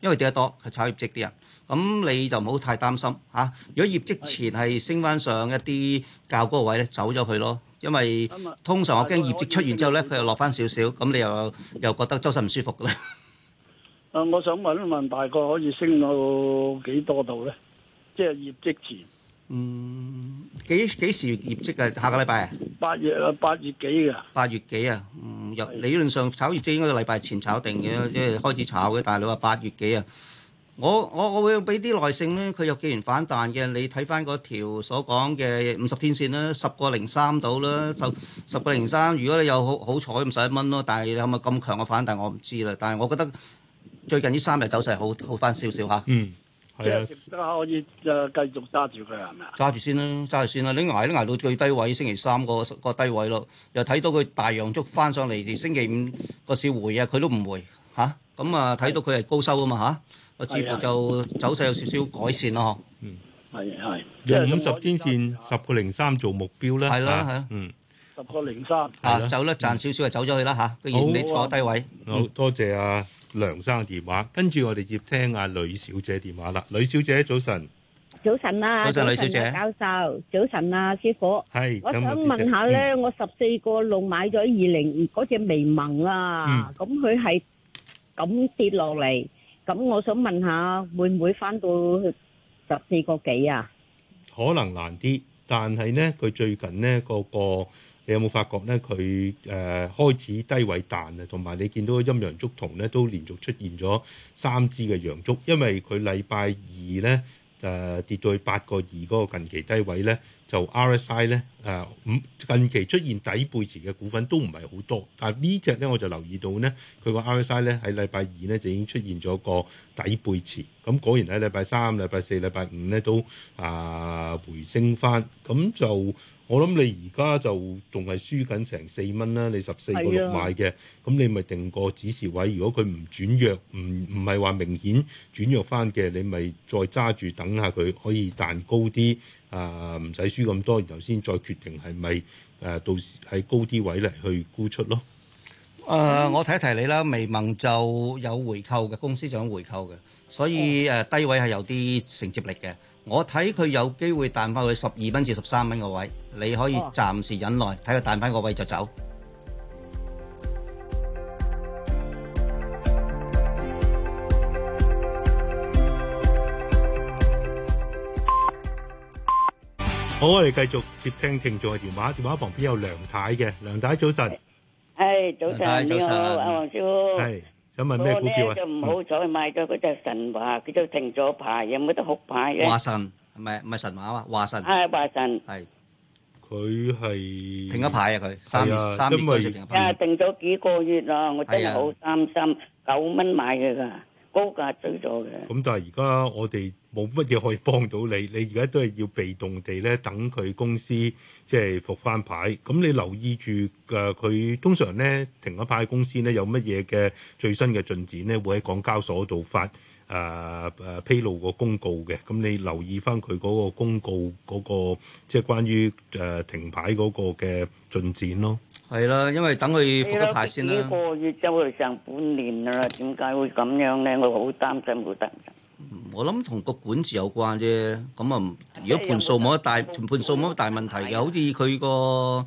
因為跌得多，佢炒業績啲人，咁你就唔好太擔心吓、啊。如果業績前係升翻上一啲較高位咧，走咗佢咯。因為通常我驚業績出完之後咧，佢是又落翻少少，咁你又又覺得周身唔舒服㗎咧。誒 呃，我想問一問大，大概可以升到幾多度咧？即、就、係、是、業績前。嗯，幾幾時業績啊？下個禮拜啊？八月啊，八月幾啊？八月幾啊？嗯，的理論上炒業績應該個禮拜前炒定嘅，的即係開始炒嘅。但係你話八月幾啊？我我我會俾啲耐性咧。佢又既然反彈嘅，你睇翻嗰條所講嘅五十天線啦，十個零三度啦，十十個零三。如果你有好好彩，唔使一蚊咯。但係你係咪咁強嘅反彈我唔知啦。但係我覺得最近呢三日走勢好好翻少少吓。點點嗯。啊、可以就繼續揸住佢係咪啊？揸住先啦，揸住先啦。你捱都捱到最低位，星期三個個低位咯。又睇到佢大陽燭翻上嚟，星期五個市回，回啊，佢都唔回嚇。咁啊，睇、啊、到佢係高收啊嘛嚇。我似乎就走勢有少少改善咯。嗯、啊，係係、啊。用五十天線十個零三做目標咧嚇。嗯、啊。十個零三，嚇走啦，賺少少就走咗去啦嚇。好，你坐低位。好多謝阿梁生嘅電話，跟住我哋接聽阿呂小姐電話啦。呂小姐早晨，早晨啊，早晨啊，教授，早晨啊，師傅，係，我想問下咧，我十四個六買咗二零嗰隻微盟啊，咁佢係咁跌落嚟，咁我想問下會唔會翻到十四個幾啊？可能難啲，但係咧，佢最近咧個個。你有冇發覺咧？佢誒、呃、開始低位彈啊，同埋你見到陰陽燭頭咧，都連續出現咗三支嘅陽燭，因為佢禮拜二咧誒、呃、跌到去八個二嗰個近期低位咧，就 RSI 咧誒，五、呃、近期出現底背馳嘅股份都唔係好多，但係呢隻咧我就留意到咧，佢個 RSI 咧喺禮拜二咧就已經出現咗個底背馳。咁果然喺禮拜三、禮拜四、禮拜五咧都啊、呃、回升返，咁就。我諗你而家就仲係輸緊成四蚊啦，你十四個六買嘅，咁的、嗯、你咪定個指示位。如果佢唔轉弱，唔唔係話明顯轉弱翻嘅，你咪再揸住等下佢可以彈高啲，啊唔使輸咁多，然後先再決定係咪誒到時喺高啲位嚟去沽出咯。誒、呃，我提提你啦，微盟就有回購嘅公司有回購嘅，所以誒、呃、低位係有啲承接力嘅。我睇佢有機會彈翻去十二蚊至十三蚊個位，你可以暫時忍耐，睇佢彈翻個位就走。好，我哋繼續接聽聽眾嘅電話，電話旁邊有梁太嘅，梁太早晨，係早晨，你好，黃師傅，係。嗰個咧就唔好彩，買咗嗰隻神話，佢就停咗牌，又冇得復牌。華神唔係唔係神話啊，華神。係華神。係。佢係停咗牌啊！佢三月三月幾號停咗牌？啊，停咗幾個月咯，我真係好擔心。九蚊買嘅㗎，高價追咗嘅。咁但係而家我哋。冇乜嘢可以幫到你，你而家都係要被動地咧等佢公司即係復翻牌。咁你留意住嘅，佢通常咧，停咗牌公司咧有乜嘢嘅最新嘅進展咧，會喺港交所度發誒誒披露個公告嘅。咁你留意翻佢嗰個公告，嗰個即係關於誒停牌嗰個嘅進展咯。係啦，因為等佢復咗牌先啦。個月就成半年啦，點解會咁樣咧？我好擔心會得唔得？我諗同個管治有關啫，咁啊，如果盤數冇乜大，盤盤數冇乜大問題嘅，好似佢個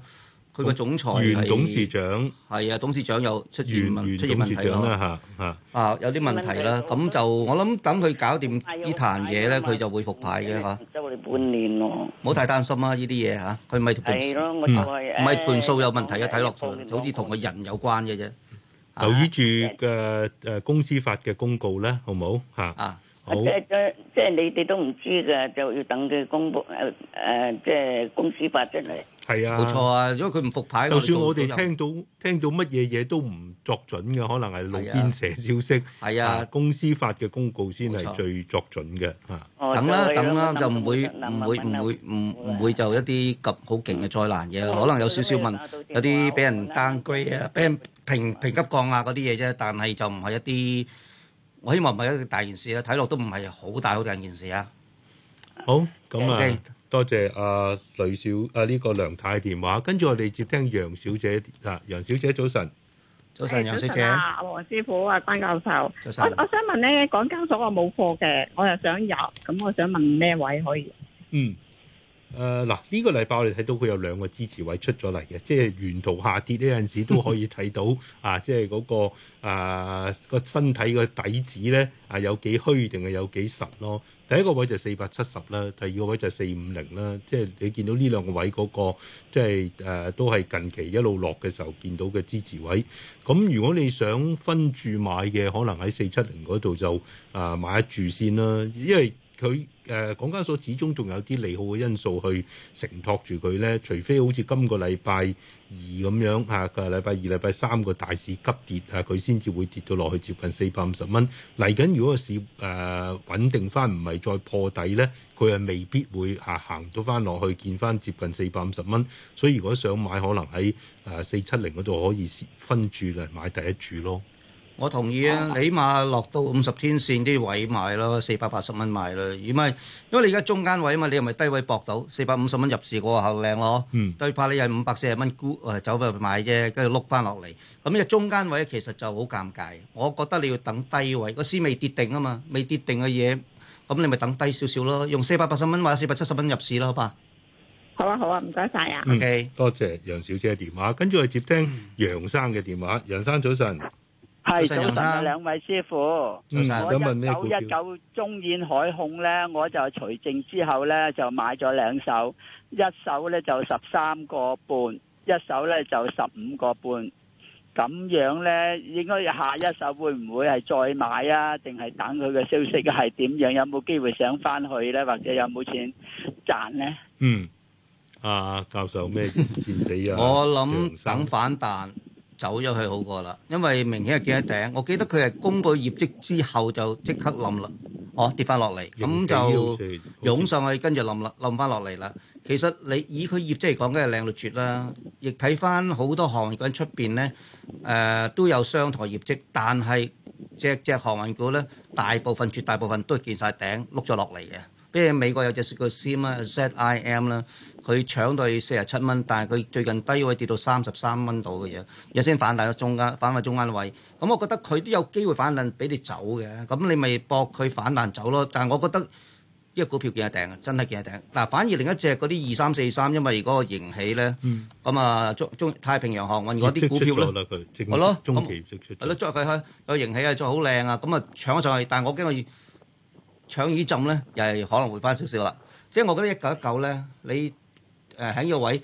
佢個總裁係，係啊，董事長有出現問出現問題啦啊，有啲問題啦，咁就我諗等佢搞掂呢壇嘢咧，佢就會復牌嘅嚇。即我哋半年喎，唔好太擔心啦，呢啲嘢嚇，佢咪盤，唔係盤數有問題啊？睇落好似同個人有關嘅啫。留意住嘅誒公司法嘅公告啦，好唔好嚇？即係即係，你哋都唔知嘅，就要等佢公布誒誒，即係公司發出嚟。係啊，冇錯啊。如果佢唔復牌，就算我哋聽到聽到乜嘢嘢都唔作準嘅，可能係路邊社消息。係啊，公司發嘅公告先係最作準嘅。等啦，等啦，就唔會唔會唔會唔唔會就一啲急好勁嘅災難嘢。可能有少少問，有啲俾人 downgrade 啊，俾人評評級降啊嗰啲嘢啫。但係就唔係一啲。我希望唔係一件大件事啦，睇落都唔係好大好大件事啊。好，咁啊，多謝阿雷、呃、小，阿、呃、呢、這個梁太電話。跟住我哋接聽楊小姐啊，楊小姐早晨，早晨楊小姐，黃師傅啊，關教授，早晨。我想問咧，港交所話冇貨嘅，我又想入，咁我想問咩位可以？嗯。誒嗱，呢、uh, 個禮拜我哋睇到佢有兩個支持位出咗嚟嘅，即係沿途下跌呢陣時都可以睇到 啊！即係嗰、那個啊個身體個底子咧啊，有幾虛定係有幾實咯？第一個位就四百七十啦，第二個位就四五零啦。即係你見到呢兩個位嗰、那個，即係誒、啊、都係近期一路落嘅時候見到嘅支持位。咁如果你想分注買嘅，可能喺四七零嗰度就啊買一注先啦，因為。佢誒、呃、港交所始終仲有啲利好嘅因素去承托住佢咧，除非好似今個禮拜二咁樣嚇，個禮拜二、禮拜三個大市急跌啊，佢先至會跌到落去接近四百五十蚊。嚟緊如果個市誒、啊、穩定翻，唔係再破底咧，佢係未必會嚇、啊、行到翻落去見翻接近四百五十蚊。所以如果想買，可能喺誒四七零嗰度可以分住嚟買第一注咯。我同意啊，起碼、嗯、落到五十天線啲位買咯，四百八十蚊買啦，如係因為你而家中間位啊嘛，你又咪低位搏到四百五十蚊入市過後靚咯，嗯、對怕你係五百四十蚊沽、呃、走入去買啫，跟住碌翻落嚟。咁、嗯、咧中間位其實就好尷尬，我覺得你要等低位個市未跌定啊嘛，未跌定嘅嘢咁你咪等低少少咯，用四百八十蚊或者四百七十蚊入市咯，好吧？好啊好啊，唔該晒啊。啊、OK，嗯、多謝楊小姐嘅電話，跟住我接聽楊生嘅電話。楊生早晨。嗯係早晨啊，兩位師傅。嗯、我九一九中遠海控咧，我就除證之後咧就買咗兩手，一手咧就十三個半，一手咧就十五個半。咁樣咧，應該下一手會唔會係再買啊？定係等佢嘅消息係點樣？有冇機會上翻去咧？或者有冇錢賺咧？嗯，啊，教授咩建議啊？ 我諗等反彈。 走咗去好過啦，因為明顯係見咗頂。嗯、我記得佢係公布業績之後就即刻冧啦，哦跌翻落嚟，咁、嗯、就湧上去像跟住冧啦，冧翻落嚟啦。其實你以佢業績嚟講，梗係靚到絕啦。亦睇翻好多航運股出邊咧，誒、呃、都有商台業績，但係隻隻航運股咧，大部分絕大部分都係見晒頂碌咗落嚟嘅。比如美國有隻個 SIM 啦，ZIM 啦。佢搶到去四十七蚊，但係佢最近低位跌到三十三蚊度嘅嘢，有先反彈咗中間，反彈中間位。咁、嗯、我覺得佢都有機會反彈，俾你走嘅。咁、嗯、你咪搏佢反彈走咯。但係我覺得呢個股票見得定啊，真係見得定。嗱，反而另一隻嗰啲二三四三，43，因為如果盈喜咧，咁啊中中太平洋航運嗰啲股票咧，係咯，中期係咯，即係去。佢盈喜啊，就好靚啊。咁啊、嗯、搶咗上去，但我驚我搶雨浸咧，又係可能回翻少少啦。即係我覺得一九一九咧，你。誒喺、呃、個位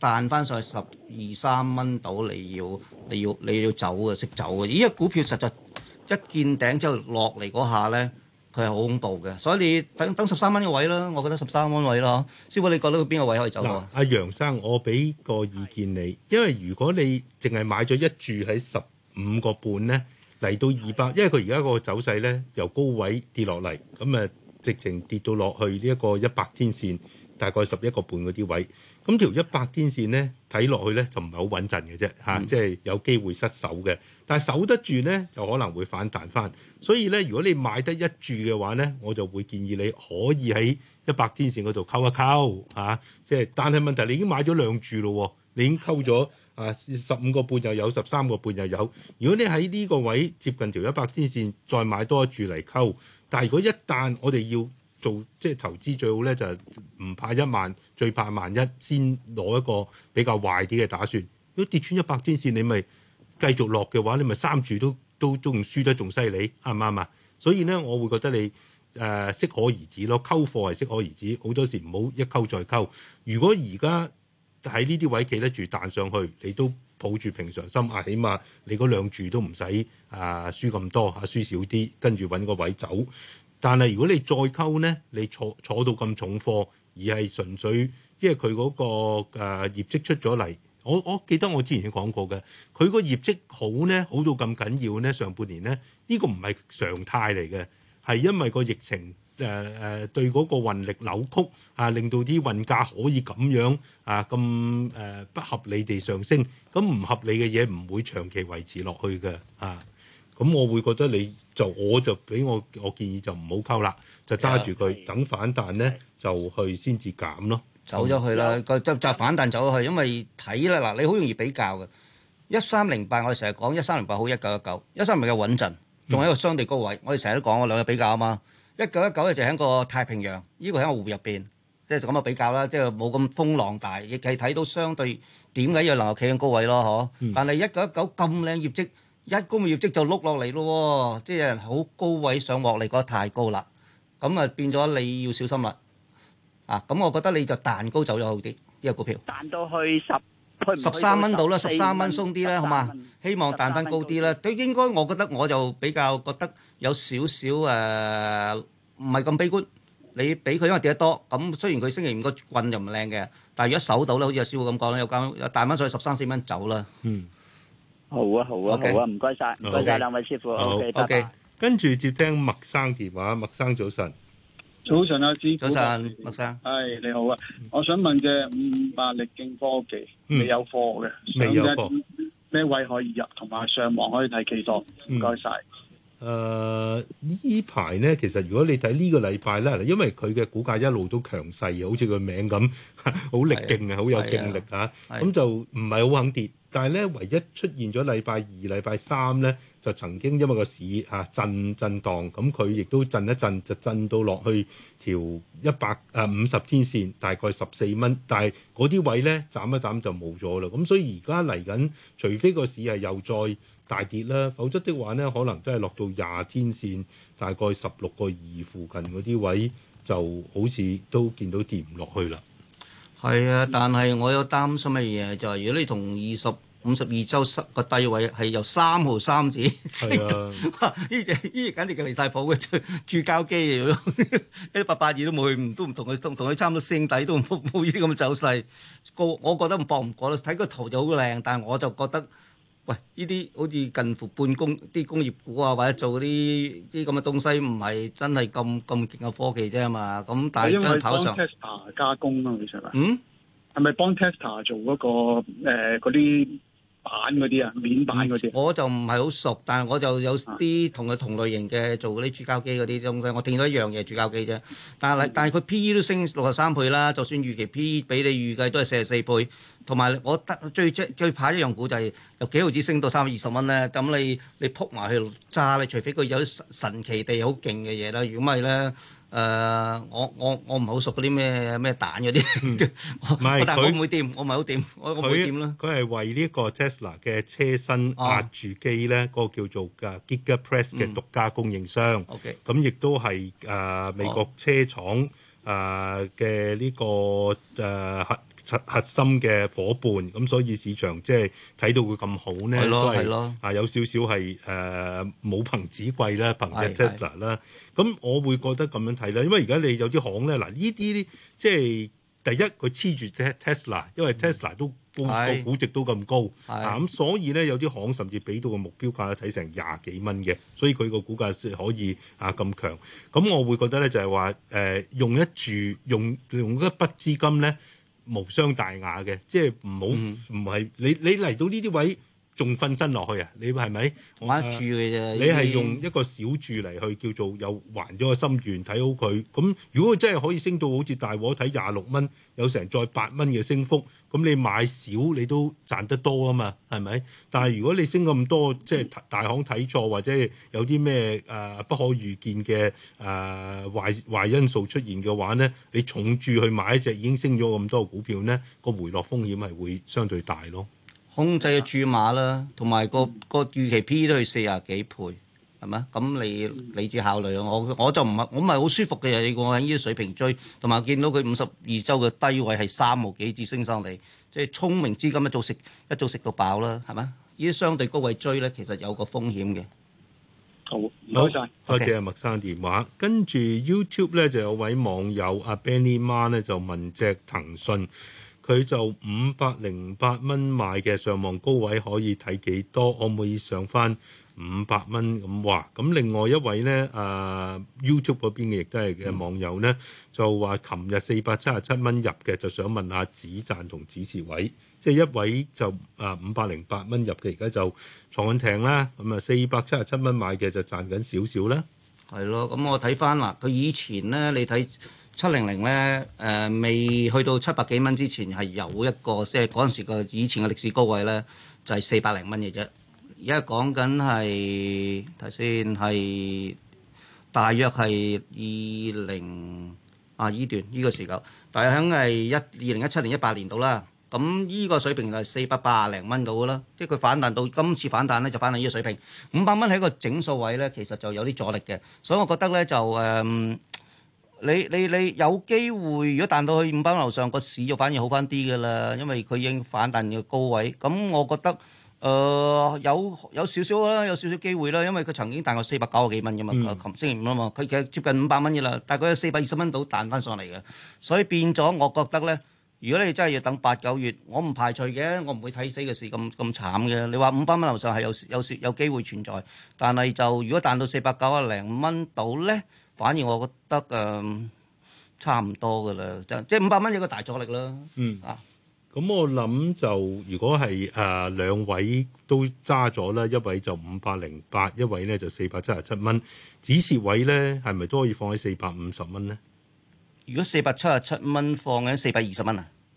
彈翻上去十二三蚊到，你要你要你要走嘅，識走嘅。依家股票實在一見頂之後落嚟嗰下咧，佢係好恐怖嘅。所以你等等十三蚊嘅位啦，我覺得十三蚊位咯。哈！師傅，你覺得邊個位可以走啊？阿楊生，我俾個意見你，因為如果你淨係買咗一注喺十五個半咧，嚟到二百，因為佢而家個走勢咧由高位跌落嚟，咁誒直情跌到落去呢一個一百天線。大概十一個半嗰啲位，咁條一百天線咧睇落去咧就唔係好穩陣嘅啫，嚇、啊，嗯、即係有機會失守嘅。但係守得住咧，就可能會反彈翻。所以咧，如果你買得一注嘅話咧，我就會建議你可以喺一百天線嗰度溝一溝，嚇、啊，即係。但係問題你已經買咗兩注咯，你已經溝咗啊十五個半又有十三個半又有。如果你喺呢個位接近條一百天線再買多一注嚟溝，但係如果一旦我哋要做即係投資，最好咧就係唔怕一萬，最怕萬一。先攞一個比較壞啲嘅打算。如果跌穿一百天線，你咪繼續落嘅話，你咪三注都都仲輸得仲犀利，啱唔啱啊？所以咧，我會覺得你誒、呃、適可而止咯，溝貨係適可而止。好多時唔好一溝再溝。如果而家喺呢啲位企得住，彈上去，你都抱住平常心啊，起碼你嗰兩注都唔使誒輸咁多吓，輸少啲，跟住搵個位走。但係如果你再溝呢，你坐坐到咁重貨，而係純粹，因為佢嗰、嗰個誒、呃、業績出咗嚟。我我記得我之前講過嘅，佢個業績好呢，好到咁緊要呢。上半年呢，呢、呢個唔係常態嚟嘅，係因為個疫情誒誒、呃呃、對嗰個運力扭曲啊，令到啲運價可以咁樣啊咁誒、呃、不合理地上升。咁唔合理嘅嘢唔會長期維持落去嘅啊。咁我會覺得你就我就俾我我建議就唔好溝啦，就揸住佢等反彈咧，就去先至減咯。走咗去啦，個就就反彈走咗去，因為睇咧嗱，你好容易比較嘅一三零八，我哋成日講一三零八好一九一九，一三零八穩陣，仲喺個相對高位。我哋成日都講兩個比較啊嘛，一九一九咧就喺個太平洋，依個喺個湖入邊，即係咁嘅比較啦，即係冇咁風浪大，亦係睇到相對點解要能夠企喺高位咯，嗬？但係一九一九咁靚業績。一個業績就碌落嚟咯，即係好高位上落嚟，覺得太高啦，咁啊變咗你要小心啦。啊，咁我覺得你就彈高走咗好啲呢個股票。彈到去十，十三蚊到啦，十三蚊鬆啲啦，好嘛？希望彈翻高啲啦。對，應該我覺得我就比較覺得有少少誒，唔係咁悲觀。你俾佢因為跌得多，咁雖然佢星期五個棍就唔靚嘅，但係如果守到咧，好似阿師傅咁講咧，有間彈返上去十三四蚊走啦。嗯。好啊好啊好啊，唔該晒，唔該晒兩位師傅。OK，跟住接聽麥生電話，麥生早晨，早晨啊，早晨，麥生，係你好啊，我想問嘅五百力勁科技未有貨嘅，上日咩位可以入，同埋上網可以睇期數，唔該晒。誒，呢排咧，其實如果你睇呢個禮拜咧，因為佢嘅股價一路都強勢，好似個名咁，好力勁啊，好有勁力吓，咁就唔係好肯跌。但係咧，唯一出現咗禮拜二、禮拜三咧，就曾經因為個市嚇、啊、震震動，咁佢亦都震一震，就震到落去條一百誒五十天線，大概十四蚊。但係嗰啲位咧，眨一眨就冇咗啦。咁所以而家嚟緊，除非個市係又再大跌啦，否則的話咧，可能都係落到廿天線，大概十六個二附近嗰啲位，就好似都見到跌唔落去啦。係啊，但係我有擔心嘅嘢就係、是，如果你同二十五十二周個低位係由三毫三指，呢隻呢隻簡直就離晒譜嘅，注膠機嚟嘅， 一八八二都冇去，都唔同佢，同佢差唔多升底都冇呢啲咁嘅走勢，個我覺得唔搏唔過啦。睇個圖就好靚，但係我就覺得。喂，呢啲好似近乎半工啲工業股啊，或者做嗰啲啲咁嘅東西，唔係真係咁咁勁嘅科技啫嘛。咁但係再跑上、嗯、因為幫 tester 加工啊，其實係咪？嗯、呃，係咪幫 tester 做嗰個嗰啲？板嗰啲啊，面板嗰啲，我就唔係好熟，但係我就有啲同佢同類型嘅做嗰啲注膠機嗰啲東西，我訂咗一樣嘢注膠機啫。但係、嗯、但係佢 P E 都升六十三倍啦，就算預期 P E 畀你預計都係四十四倍，同埋我得最最最怕一樣股就係由幾毫子升到三百二十蚊咧，咁你你撲埋去揸，你除非佢有神奇地好勁嘅嘢啦，如果唔係咧。誒、呃，我我我唔係好熟嗰啲咩咩蛋嗰啲，唔係，但係我唔會掂，我唔係好掂，我 是 我唔會掂啦。佢係為呢個 Tesla 嘅車身壓住機咧，嗰、哦、個叫做嘅 Giga Press 嘅獨家供應商。O K，咁亦都係誒、呃、美國車廠誒嘅呢個誒。呃核心嘅伙伴，咁所以市場即係睇到佢咁好咧，都係啊有少少係誒冇憑止貴啦，憑嘅 Tesla 啦。咁是的 我會覺得咁樣睇咧，因為而家你有啲行咧，嗱呢啲咧，即係第一佢黐住 Tesla，因為 Tesla 都，、嗯、都個估值都咁高，啊咁所以咧有啲行甚至俾到個目標價睇成廿幾蚊嘅，所以佢個股價先可以啊咁強。咁我會覺得咧就係話誒用一住，用用，用，用，用一筆資金咧。無傷大雅嘅，即係唔好，唔係，嗯，你你嚟到呢啲位。仲瞓身落去啊！你係咪？我一注嘅啫。你係用一個小注嚟去叫做有還咗個心願，睇好佢。咁如果真係可以升到好似大和睇廿六蚊，有成再八蚊嘅升幅，咁你買少你都賺得多啊嘛？係咪？但係如果你升咁多，即係大行睇錯或者有啲咩誒不可預見嘅誒壞壞因素出現嘅話咧，你重注去買一隻已經升咗咁多嘅股票咧，個回落風險係會相對大咯。控制嘅注碼啦，同埋個個預期 P 都係四十幾倍，係咪啊？咁你你要考慮啊！我我就唔係，我唔係好舒服嘅。你我喺呢啲水平追，同埋見到佢五十二周嘅低位係三毫幾至升上嚟，即係聰明資金一早食，一早食到飽啦，係咪？呢啲相對高位追咧，其實有個風險嘅。好，唔該曬，多謝阿麥生電話。跟住 YouTube 咧就有位網友阿 Benny 媽咧就問隻騰訊。佢就五百零八蚊買嘅，上望高位可以睇幾多？可唔可以上翻五百蚊咁話。咁另外一位呢，啊 YouTube 嗰邊嘅亦都係嘅網友呢，就話琴日四百七十七蚊入嘅，就想問下止賺同止蝕位。即係一位就啊五百零八蚊入嘅，而家就坐緊艇啦。咁啊四百七十七蚊買嘅就賺緊少少啦。係咯，咁我睇翻嗱，佢以前呢，你睇。七零零咧，誒未去到七百幾蚊之前係有一個，即係嗰陣時個以前嘅歷史高位咧，就係四百零蚊嘅啫。而家講緊係睇先，係大約係二零啊依段呢個時候，大約喺係一二零一七年一八年度啦。咁依個水平就係四百八零蚊到噶啦，即係佢反彈到今次反彈咧，就反彈到呢個水平五百蚊喺一個整數位咧，其實就有啲阻力嘅，所以我覺得咧就誒。嗯你你你有機會，如果彈到去五百蚊樓上，個市就反而好翻啲噶啦，因為佢已經反彈嘅高位。咁我覺得，誒、呃、有有少少啦，有少少機會啦，因為佢曾經彈過四百九啊幾蚊嘅嘛，琴星期五啊嘛，佢其實接近五百蚊嘅啦，大概四百二十蚊度彈翻上嚟嘅。所以變咗，我覺得咧，如果你真係要等八九月，我唔排除嘅，我唔會睇死個市咁咁慘嘅。你話五百蚊樓上係有有有機會存在，但係就如果彈到四百九啊零蚊到咧？反而我覺得誒、嗯、差唔多嘅啦，即即係五百蚊一個大阻力啦。嗯啊，咁我諗就如果係誒、呃、兩位都揸咗啦，一位就五百零八，一位咧就四百七十七蚊。止蝕位咧係咪都可以放喺四百五十蚊咧？如果四百七十七蚊放喺四百二十蚊啊？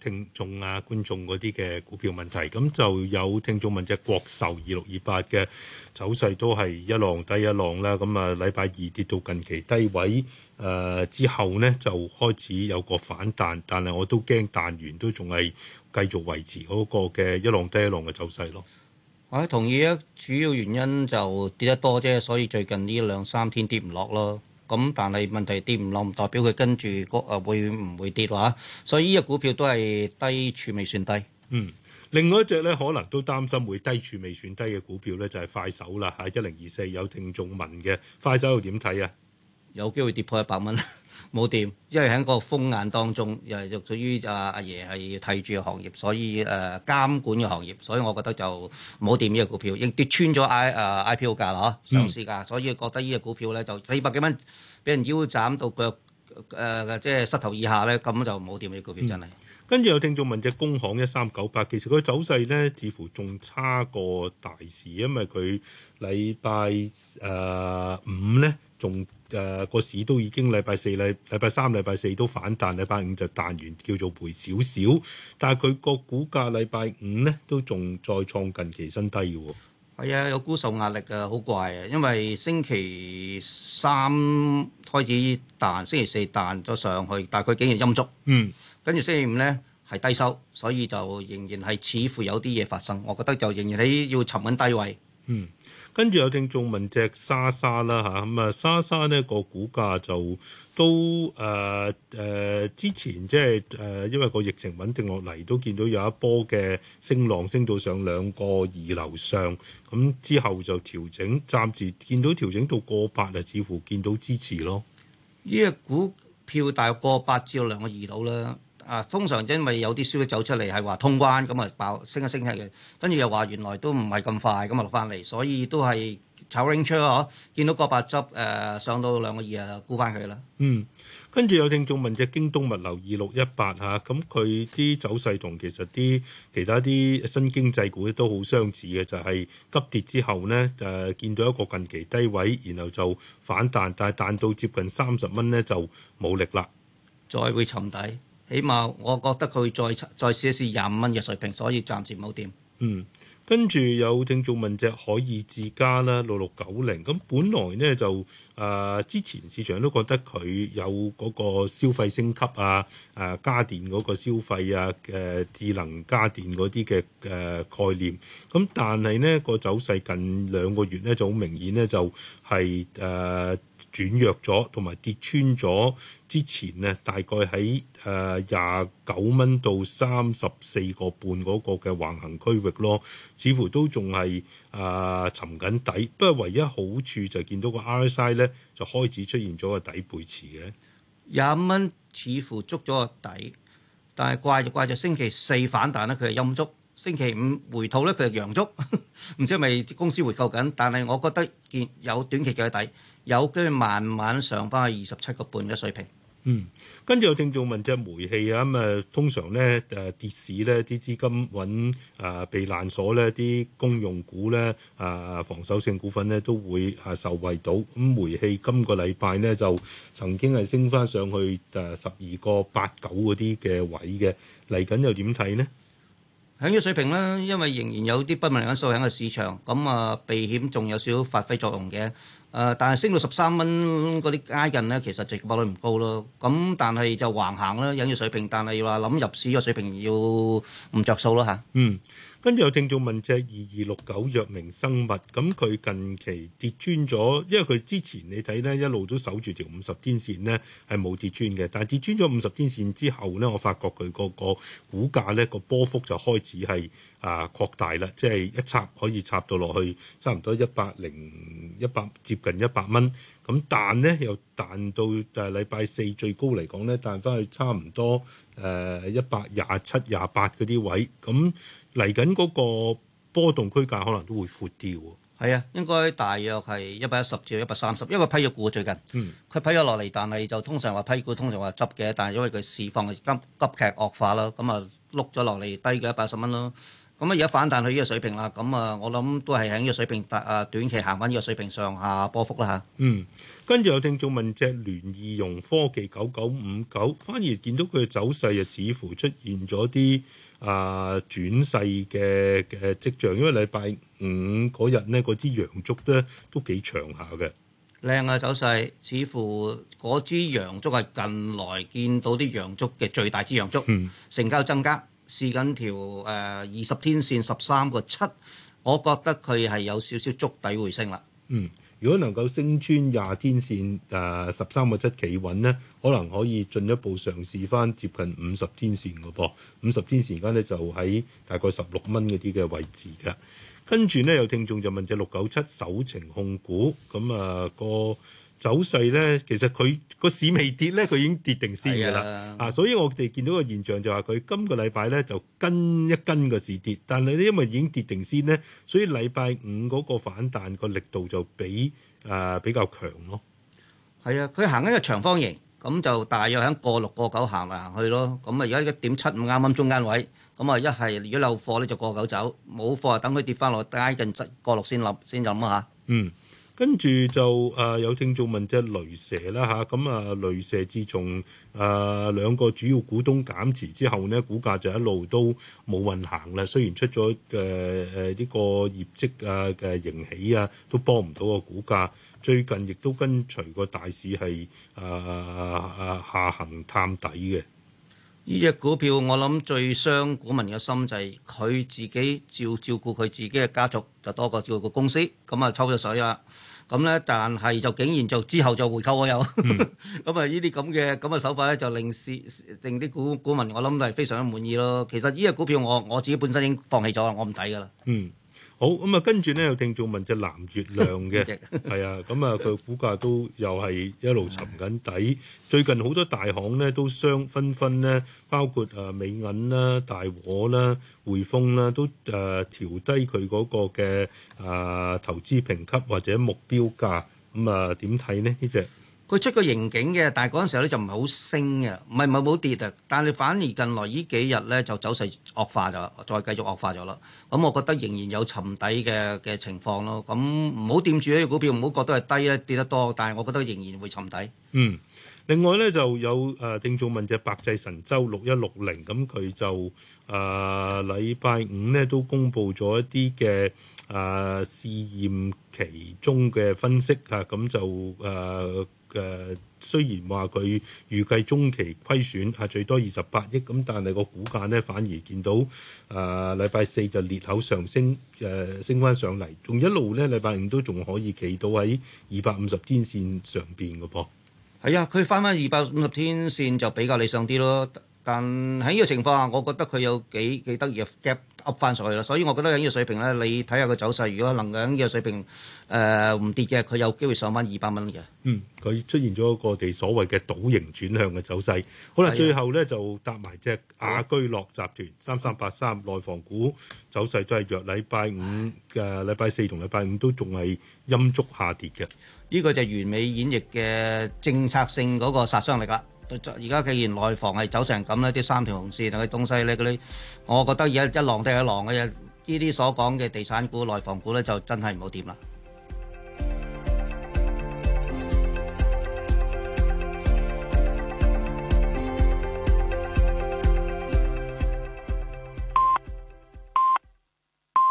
聽眾啊，觀眾嗰啲嘅股票問題，咁就有聽眾問：隻國壽二六二八嘅走勢都係一浪低一浪啦。咁啊，禮拜二跌到近期低位，誒、呃、之後呢就開始有個反彈，但係我都驚彈完都仲係繼續維持嗰個嘅一浪低一浪嘅走勢咯。我同意啊，主要原因就跌得多啫，所以最近呢兩三天跌唔落咯。咁但係問題，跌唔落唔代表佢跟住個誒會唔會跌啊？所以呢隻股票都係低處未算低。嗯，另外一隻咧可能都擔心會低處未算低嘅股票咧就係、是、快手啦吓，一零二四有聽眾問嘅快手又點睇啊？有機會跌破一百蚊冇掂，因為喺一個風眼當中，又係屬於就阿爺係睇住嘅行業，所以誒監、呃、管嘅行業，所以我覺得就冇掂呢個股票，亦跌穿咗 I 誒、呃、IPO 價啦，嗬、啊、上市價，所以覺得呢個股票咧就四百幾蚊俾人腰斬到腳誒、呃，即係膝頭以下咧，咁就冇掂呢個股票真係。跟住有聽眾問隻工行一三九八，其實佢走勢咧似乎仲差過大市，因為佢禮拜誒、呃、五咧仲。誒個、啊、市都已經禮拜四、禮禮拜三、禮拜四都反彈，禮拜五就彈完叫做回少少，但係佢個股價禮拜五呢都仲再創近期新低嘅喎、哦。係啊，有沽售壓力啊，好怪啊！因為星期三開始彈，星期四彈咗上去，但係佢竟然陰燭，嗯，跟住星期五呢係低收，所以就仍然係似乎有啲嘢發生。我覺得就仍然係要沉緊低位，嗯。跟住有聽眾問隻莎莎啦嚇，咁啊莎莎呢個股價就都誒誒、呃呃、之前即係誒，因為個疫情穩定落嚟，都見到有一波嘅升浪，升到上兩個二樓上，咁、嗯、之後就調整，暫時見到調整到過百啊，似乎見到支持咯。呢個股票大過百只有兩個二樓啦。啊，通常因為有啲消息走出嚟係話通關，咁啊爆升一升嘅，跟住又話原來都唔係咁快，咁啊落翻嚟，所以都係炒緊出咯。見到個百執誒上到兩個二啊，沽翻佢啦。嗯，跟住有聽眾問隻京東物流二六一八嚇，咁佢啲走勢同其實啲其他啲新經濟股都好相似嘅，就係、是、急跌之後呢，誒、啊，見到一個近期低位，然後就反彈，但係彈到接近三十蚊呢，就冇力啦，再會沉底。起碼我覺得佢再再試一試廿五蚊嘅水平，所以暫時冇掂。嗯，跟住有聽眾問隻海爾智家啦，六六九零。咁本來咧就誒、呃、之前市場都覺得佢有嗰個消費升級啊，誒、呃、家電嗰個消費啊嘅、呃、智能家電嗰啲嘅誒概念。咁但係咧個走勢近兩個月咧就好明顯咧就係、是、誒。呃轉弱咗，同埋跌穿咗之前呢，大概喺誒廿九蚊到三十四個半嗰個嘅橫行區域咯，似乎都仲係誒沉緊底。不過唯一好處就係見到個 RSI 咧就開始出現咗個底背馳嘅廿蚊，似乎捉咗個底，但係怪就怪就星期四反彈咧，佢係陰燭。星期五回吐咧，佢係陽燭，唔知係咪公司回購緊？但係我覺得見有短期嘅底，有跟住慢慢上翻去二十七個半嘅水平。嗯，跟住又正做問隻煤氣啊咁啊，通常咧誒跌市咧啲資金揾啊避難所咧，啲公用股咧啊防守性股份咧都會啊受惠到。咁煤氣今個禮拜咧就曾經係升翻上去誒十二個八九嗰啲嘅位嘅，嚟緊又點睇咧？響呢個水平啦，因為仍然有啲不明朗因素喺個市場，咁啊避險仲有少少發揮作用嘅。誒、呃，但係升到十三蚊嗰啲挨近咧，其實直波率唔高咯。咁但係就橫行啦，響呢個水平，但係要話諗入市個水平要唔着數咯吓。啊、嗯。跟住有聽眾問隻二二六九藥明生物，咁佢近期跌穿咗，因為佢之前你睇咧一路都守住條五十天線咧，係冇跌穿嘅，但係跌穿咗五十天線之後咧，我發覺佢個個股價咧個波幅就開始係啊擴大啦，即係一插可以插到落去差唔多一百零一百接近一百蚊，咁但咧又彈到就係禮拜四最高嚟講咧彈翻去差唔多誒一百廿七廿八嗰啲位，咁。嚟緊嗰個波動區間可能都會闊啲喎。係啊，應該大約係一百一十至一百三十，因為批咗股最近股。嗯，佢批咗落嚟，但係就通常話批股，通常話執嘅。但係因為佢市況急急劇惡化啦，咁啊碌咗落嚟低嘅一百十蚊咯。咁啊而家反彈去呢個水平啦。咁啊，我諗都係喺呢個水平啊短期行翻呢個水平上下波幅啦嚇。嗯，跟住有聽眾問隻聯易融科技九九五九，反而見到佢嘅走勢又似乎出現咗啲。啊，轉勢嘅嘅跡象，因為禮拜五嗰日呢，嗰支陽燭咧都幾長下嘅，靚嘅、啊、走勢，似乎嗰支陽燭係近來見到啲陽燭嘅最大支陽燭，嗯、成交增加，試緊條誒二十天線十三個七，7，我覺得佢係有少少觸底回升啦，嗯。如果能夠升穿廿天線，誒十三個七企穩咧，可能可以進一步嘗試翻接近五十天線嘅噃，五十天線間咧就喺大概十六蚊嗰啲嘅位置嘅。跟住咧有聽眾就問隻六九七首程控股，咁、嗯、啊、呃嗰個。走勢咧，其實佢個市未跌咧，佢已經跌定先噶啦。啊，所以我哋見到個現象就話佢今個禮拜咧就跟一跟個市跌，但係咧因為已經跌定先咧，所以禮拜五嗰個反彈個力度就比誒比較強咯。係啊，佢行緊個長方形，咁就大約喺過六過九行嚟行去咯。咁啊，而家一點七五啱啱中間位，咁啊一係如果有貨咧就過九走，冇貨啊等佢跌翻落去，接近七過六先諗先諗啊嚇。嗯。跟住就誒有聽眾問隻雷蛇啦嚇，咁啊雷蛇自從誒兩個主要股東減持之後呢，股價就一路都冇運行啦。雖然出咗誒誒呢個業績啊嘅盈喜啊，都幫唔到個股價。最近亦都跟隨個大市係誒誒下行探底嘅。呢隻股票我諗最傷股民嘅心就係佢自己照照顧佢自己嘅家族就多過照顧公司，咁啊抽咗水啦。咁咧，但係就竟然就之後就回購喎又，咁啊呢啲咁嘅咁嘅手法咧，就令市令啲股股民我諗係非常之滿意咯。其實呢隻股票我我自己本身已經放棄咗啦，我唔睇噶啦。嗯。 好咁啊，跟住咧有聽眾問隻藍月亮嘅，係啊， 咁啊佢股價都又係一路沉緊底。 最近好多大行咧都相紛紛咧，包括啊美銀啦、大和啦、匯豐啦，都誒、呃、調低佢嗰個嘅啊、呃、投資評級或者目標價。咁啊點睇呢？呢隻？佢出過盈警嘅，但係嗰陣時候咧就唔係好升嘅，唔係唔係冇跌啊，但係反而近來幾呢幾日咧就走勢惡化咗，再繼續惡化咗啦。咁、嗯、我覺得仍然有沉底嘅嘅情況咯。咁唔好掂住呢隻股票，唔好覺得係低咧跌得多，但係我覺得仍然會沉底。嗯。另外咧就有誒正造問隻百濟神州六一六零，咁佢就誒禮拜五咧都公布咗一啲嘅誒試驗期中嘅分析嚇，咁、啊、就誒。呃誒、啊、雖然話佢預計中期虧損係最多二十八億，咁但係個股價呢反而見到誒禮拜四就裂口上升，誒、啊、升翻上嚟，仲一路呢，禮拜五都仲可以企到喺二百五十天線上邊嘅噃。係啊，佢翻翻二百五十天線就比較理想啲咯。但喺呢個情況下，我覺得佢有幾幾得意啊，gap up 翻上去啦。所以，我覺得喺呢個水平咧，你睇下個走勢，如果能喺呢個水平誒唔跌嘅，佢有機會上翻二百蚊嘅。嗯，佢出現咗一個地所謂嘅倒型轉向嘅走勢。好啦，最後咧就搭埋隻雅居樂集團三三八三內房股走勢都係弱。禮拜五嘅禮拜四同禮拜五都仲係陰燭下跌嘅。呢個就係完美演繹嘅政策性嗰個殺傷力啦。而家既然內房係走成咁咧，啲三條紅線同佢東西咧，嗰啲我覺得而家一浪跌一浪嘅嘢，呢啲所講嘅地產股、內房股咧，就真係唔好掂啦。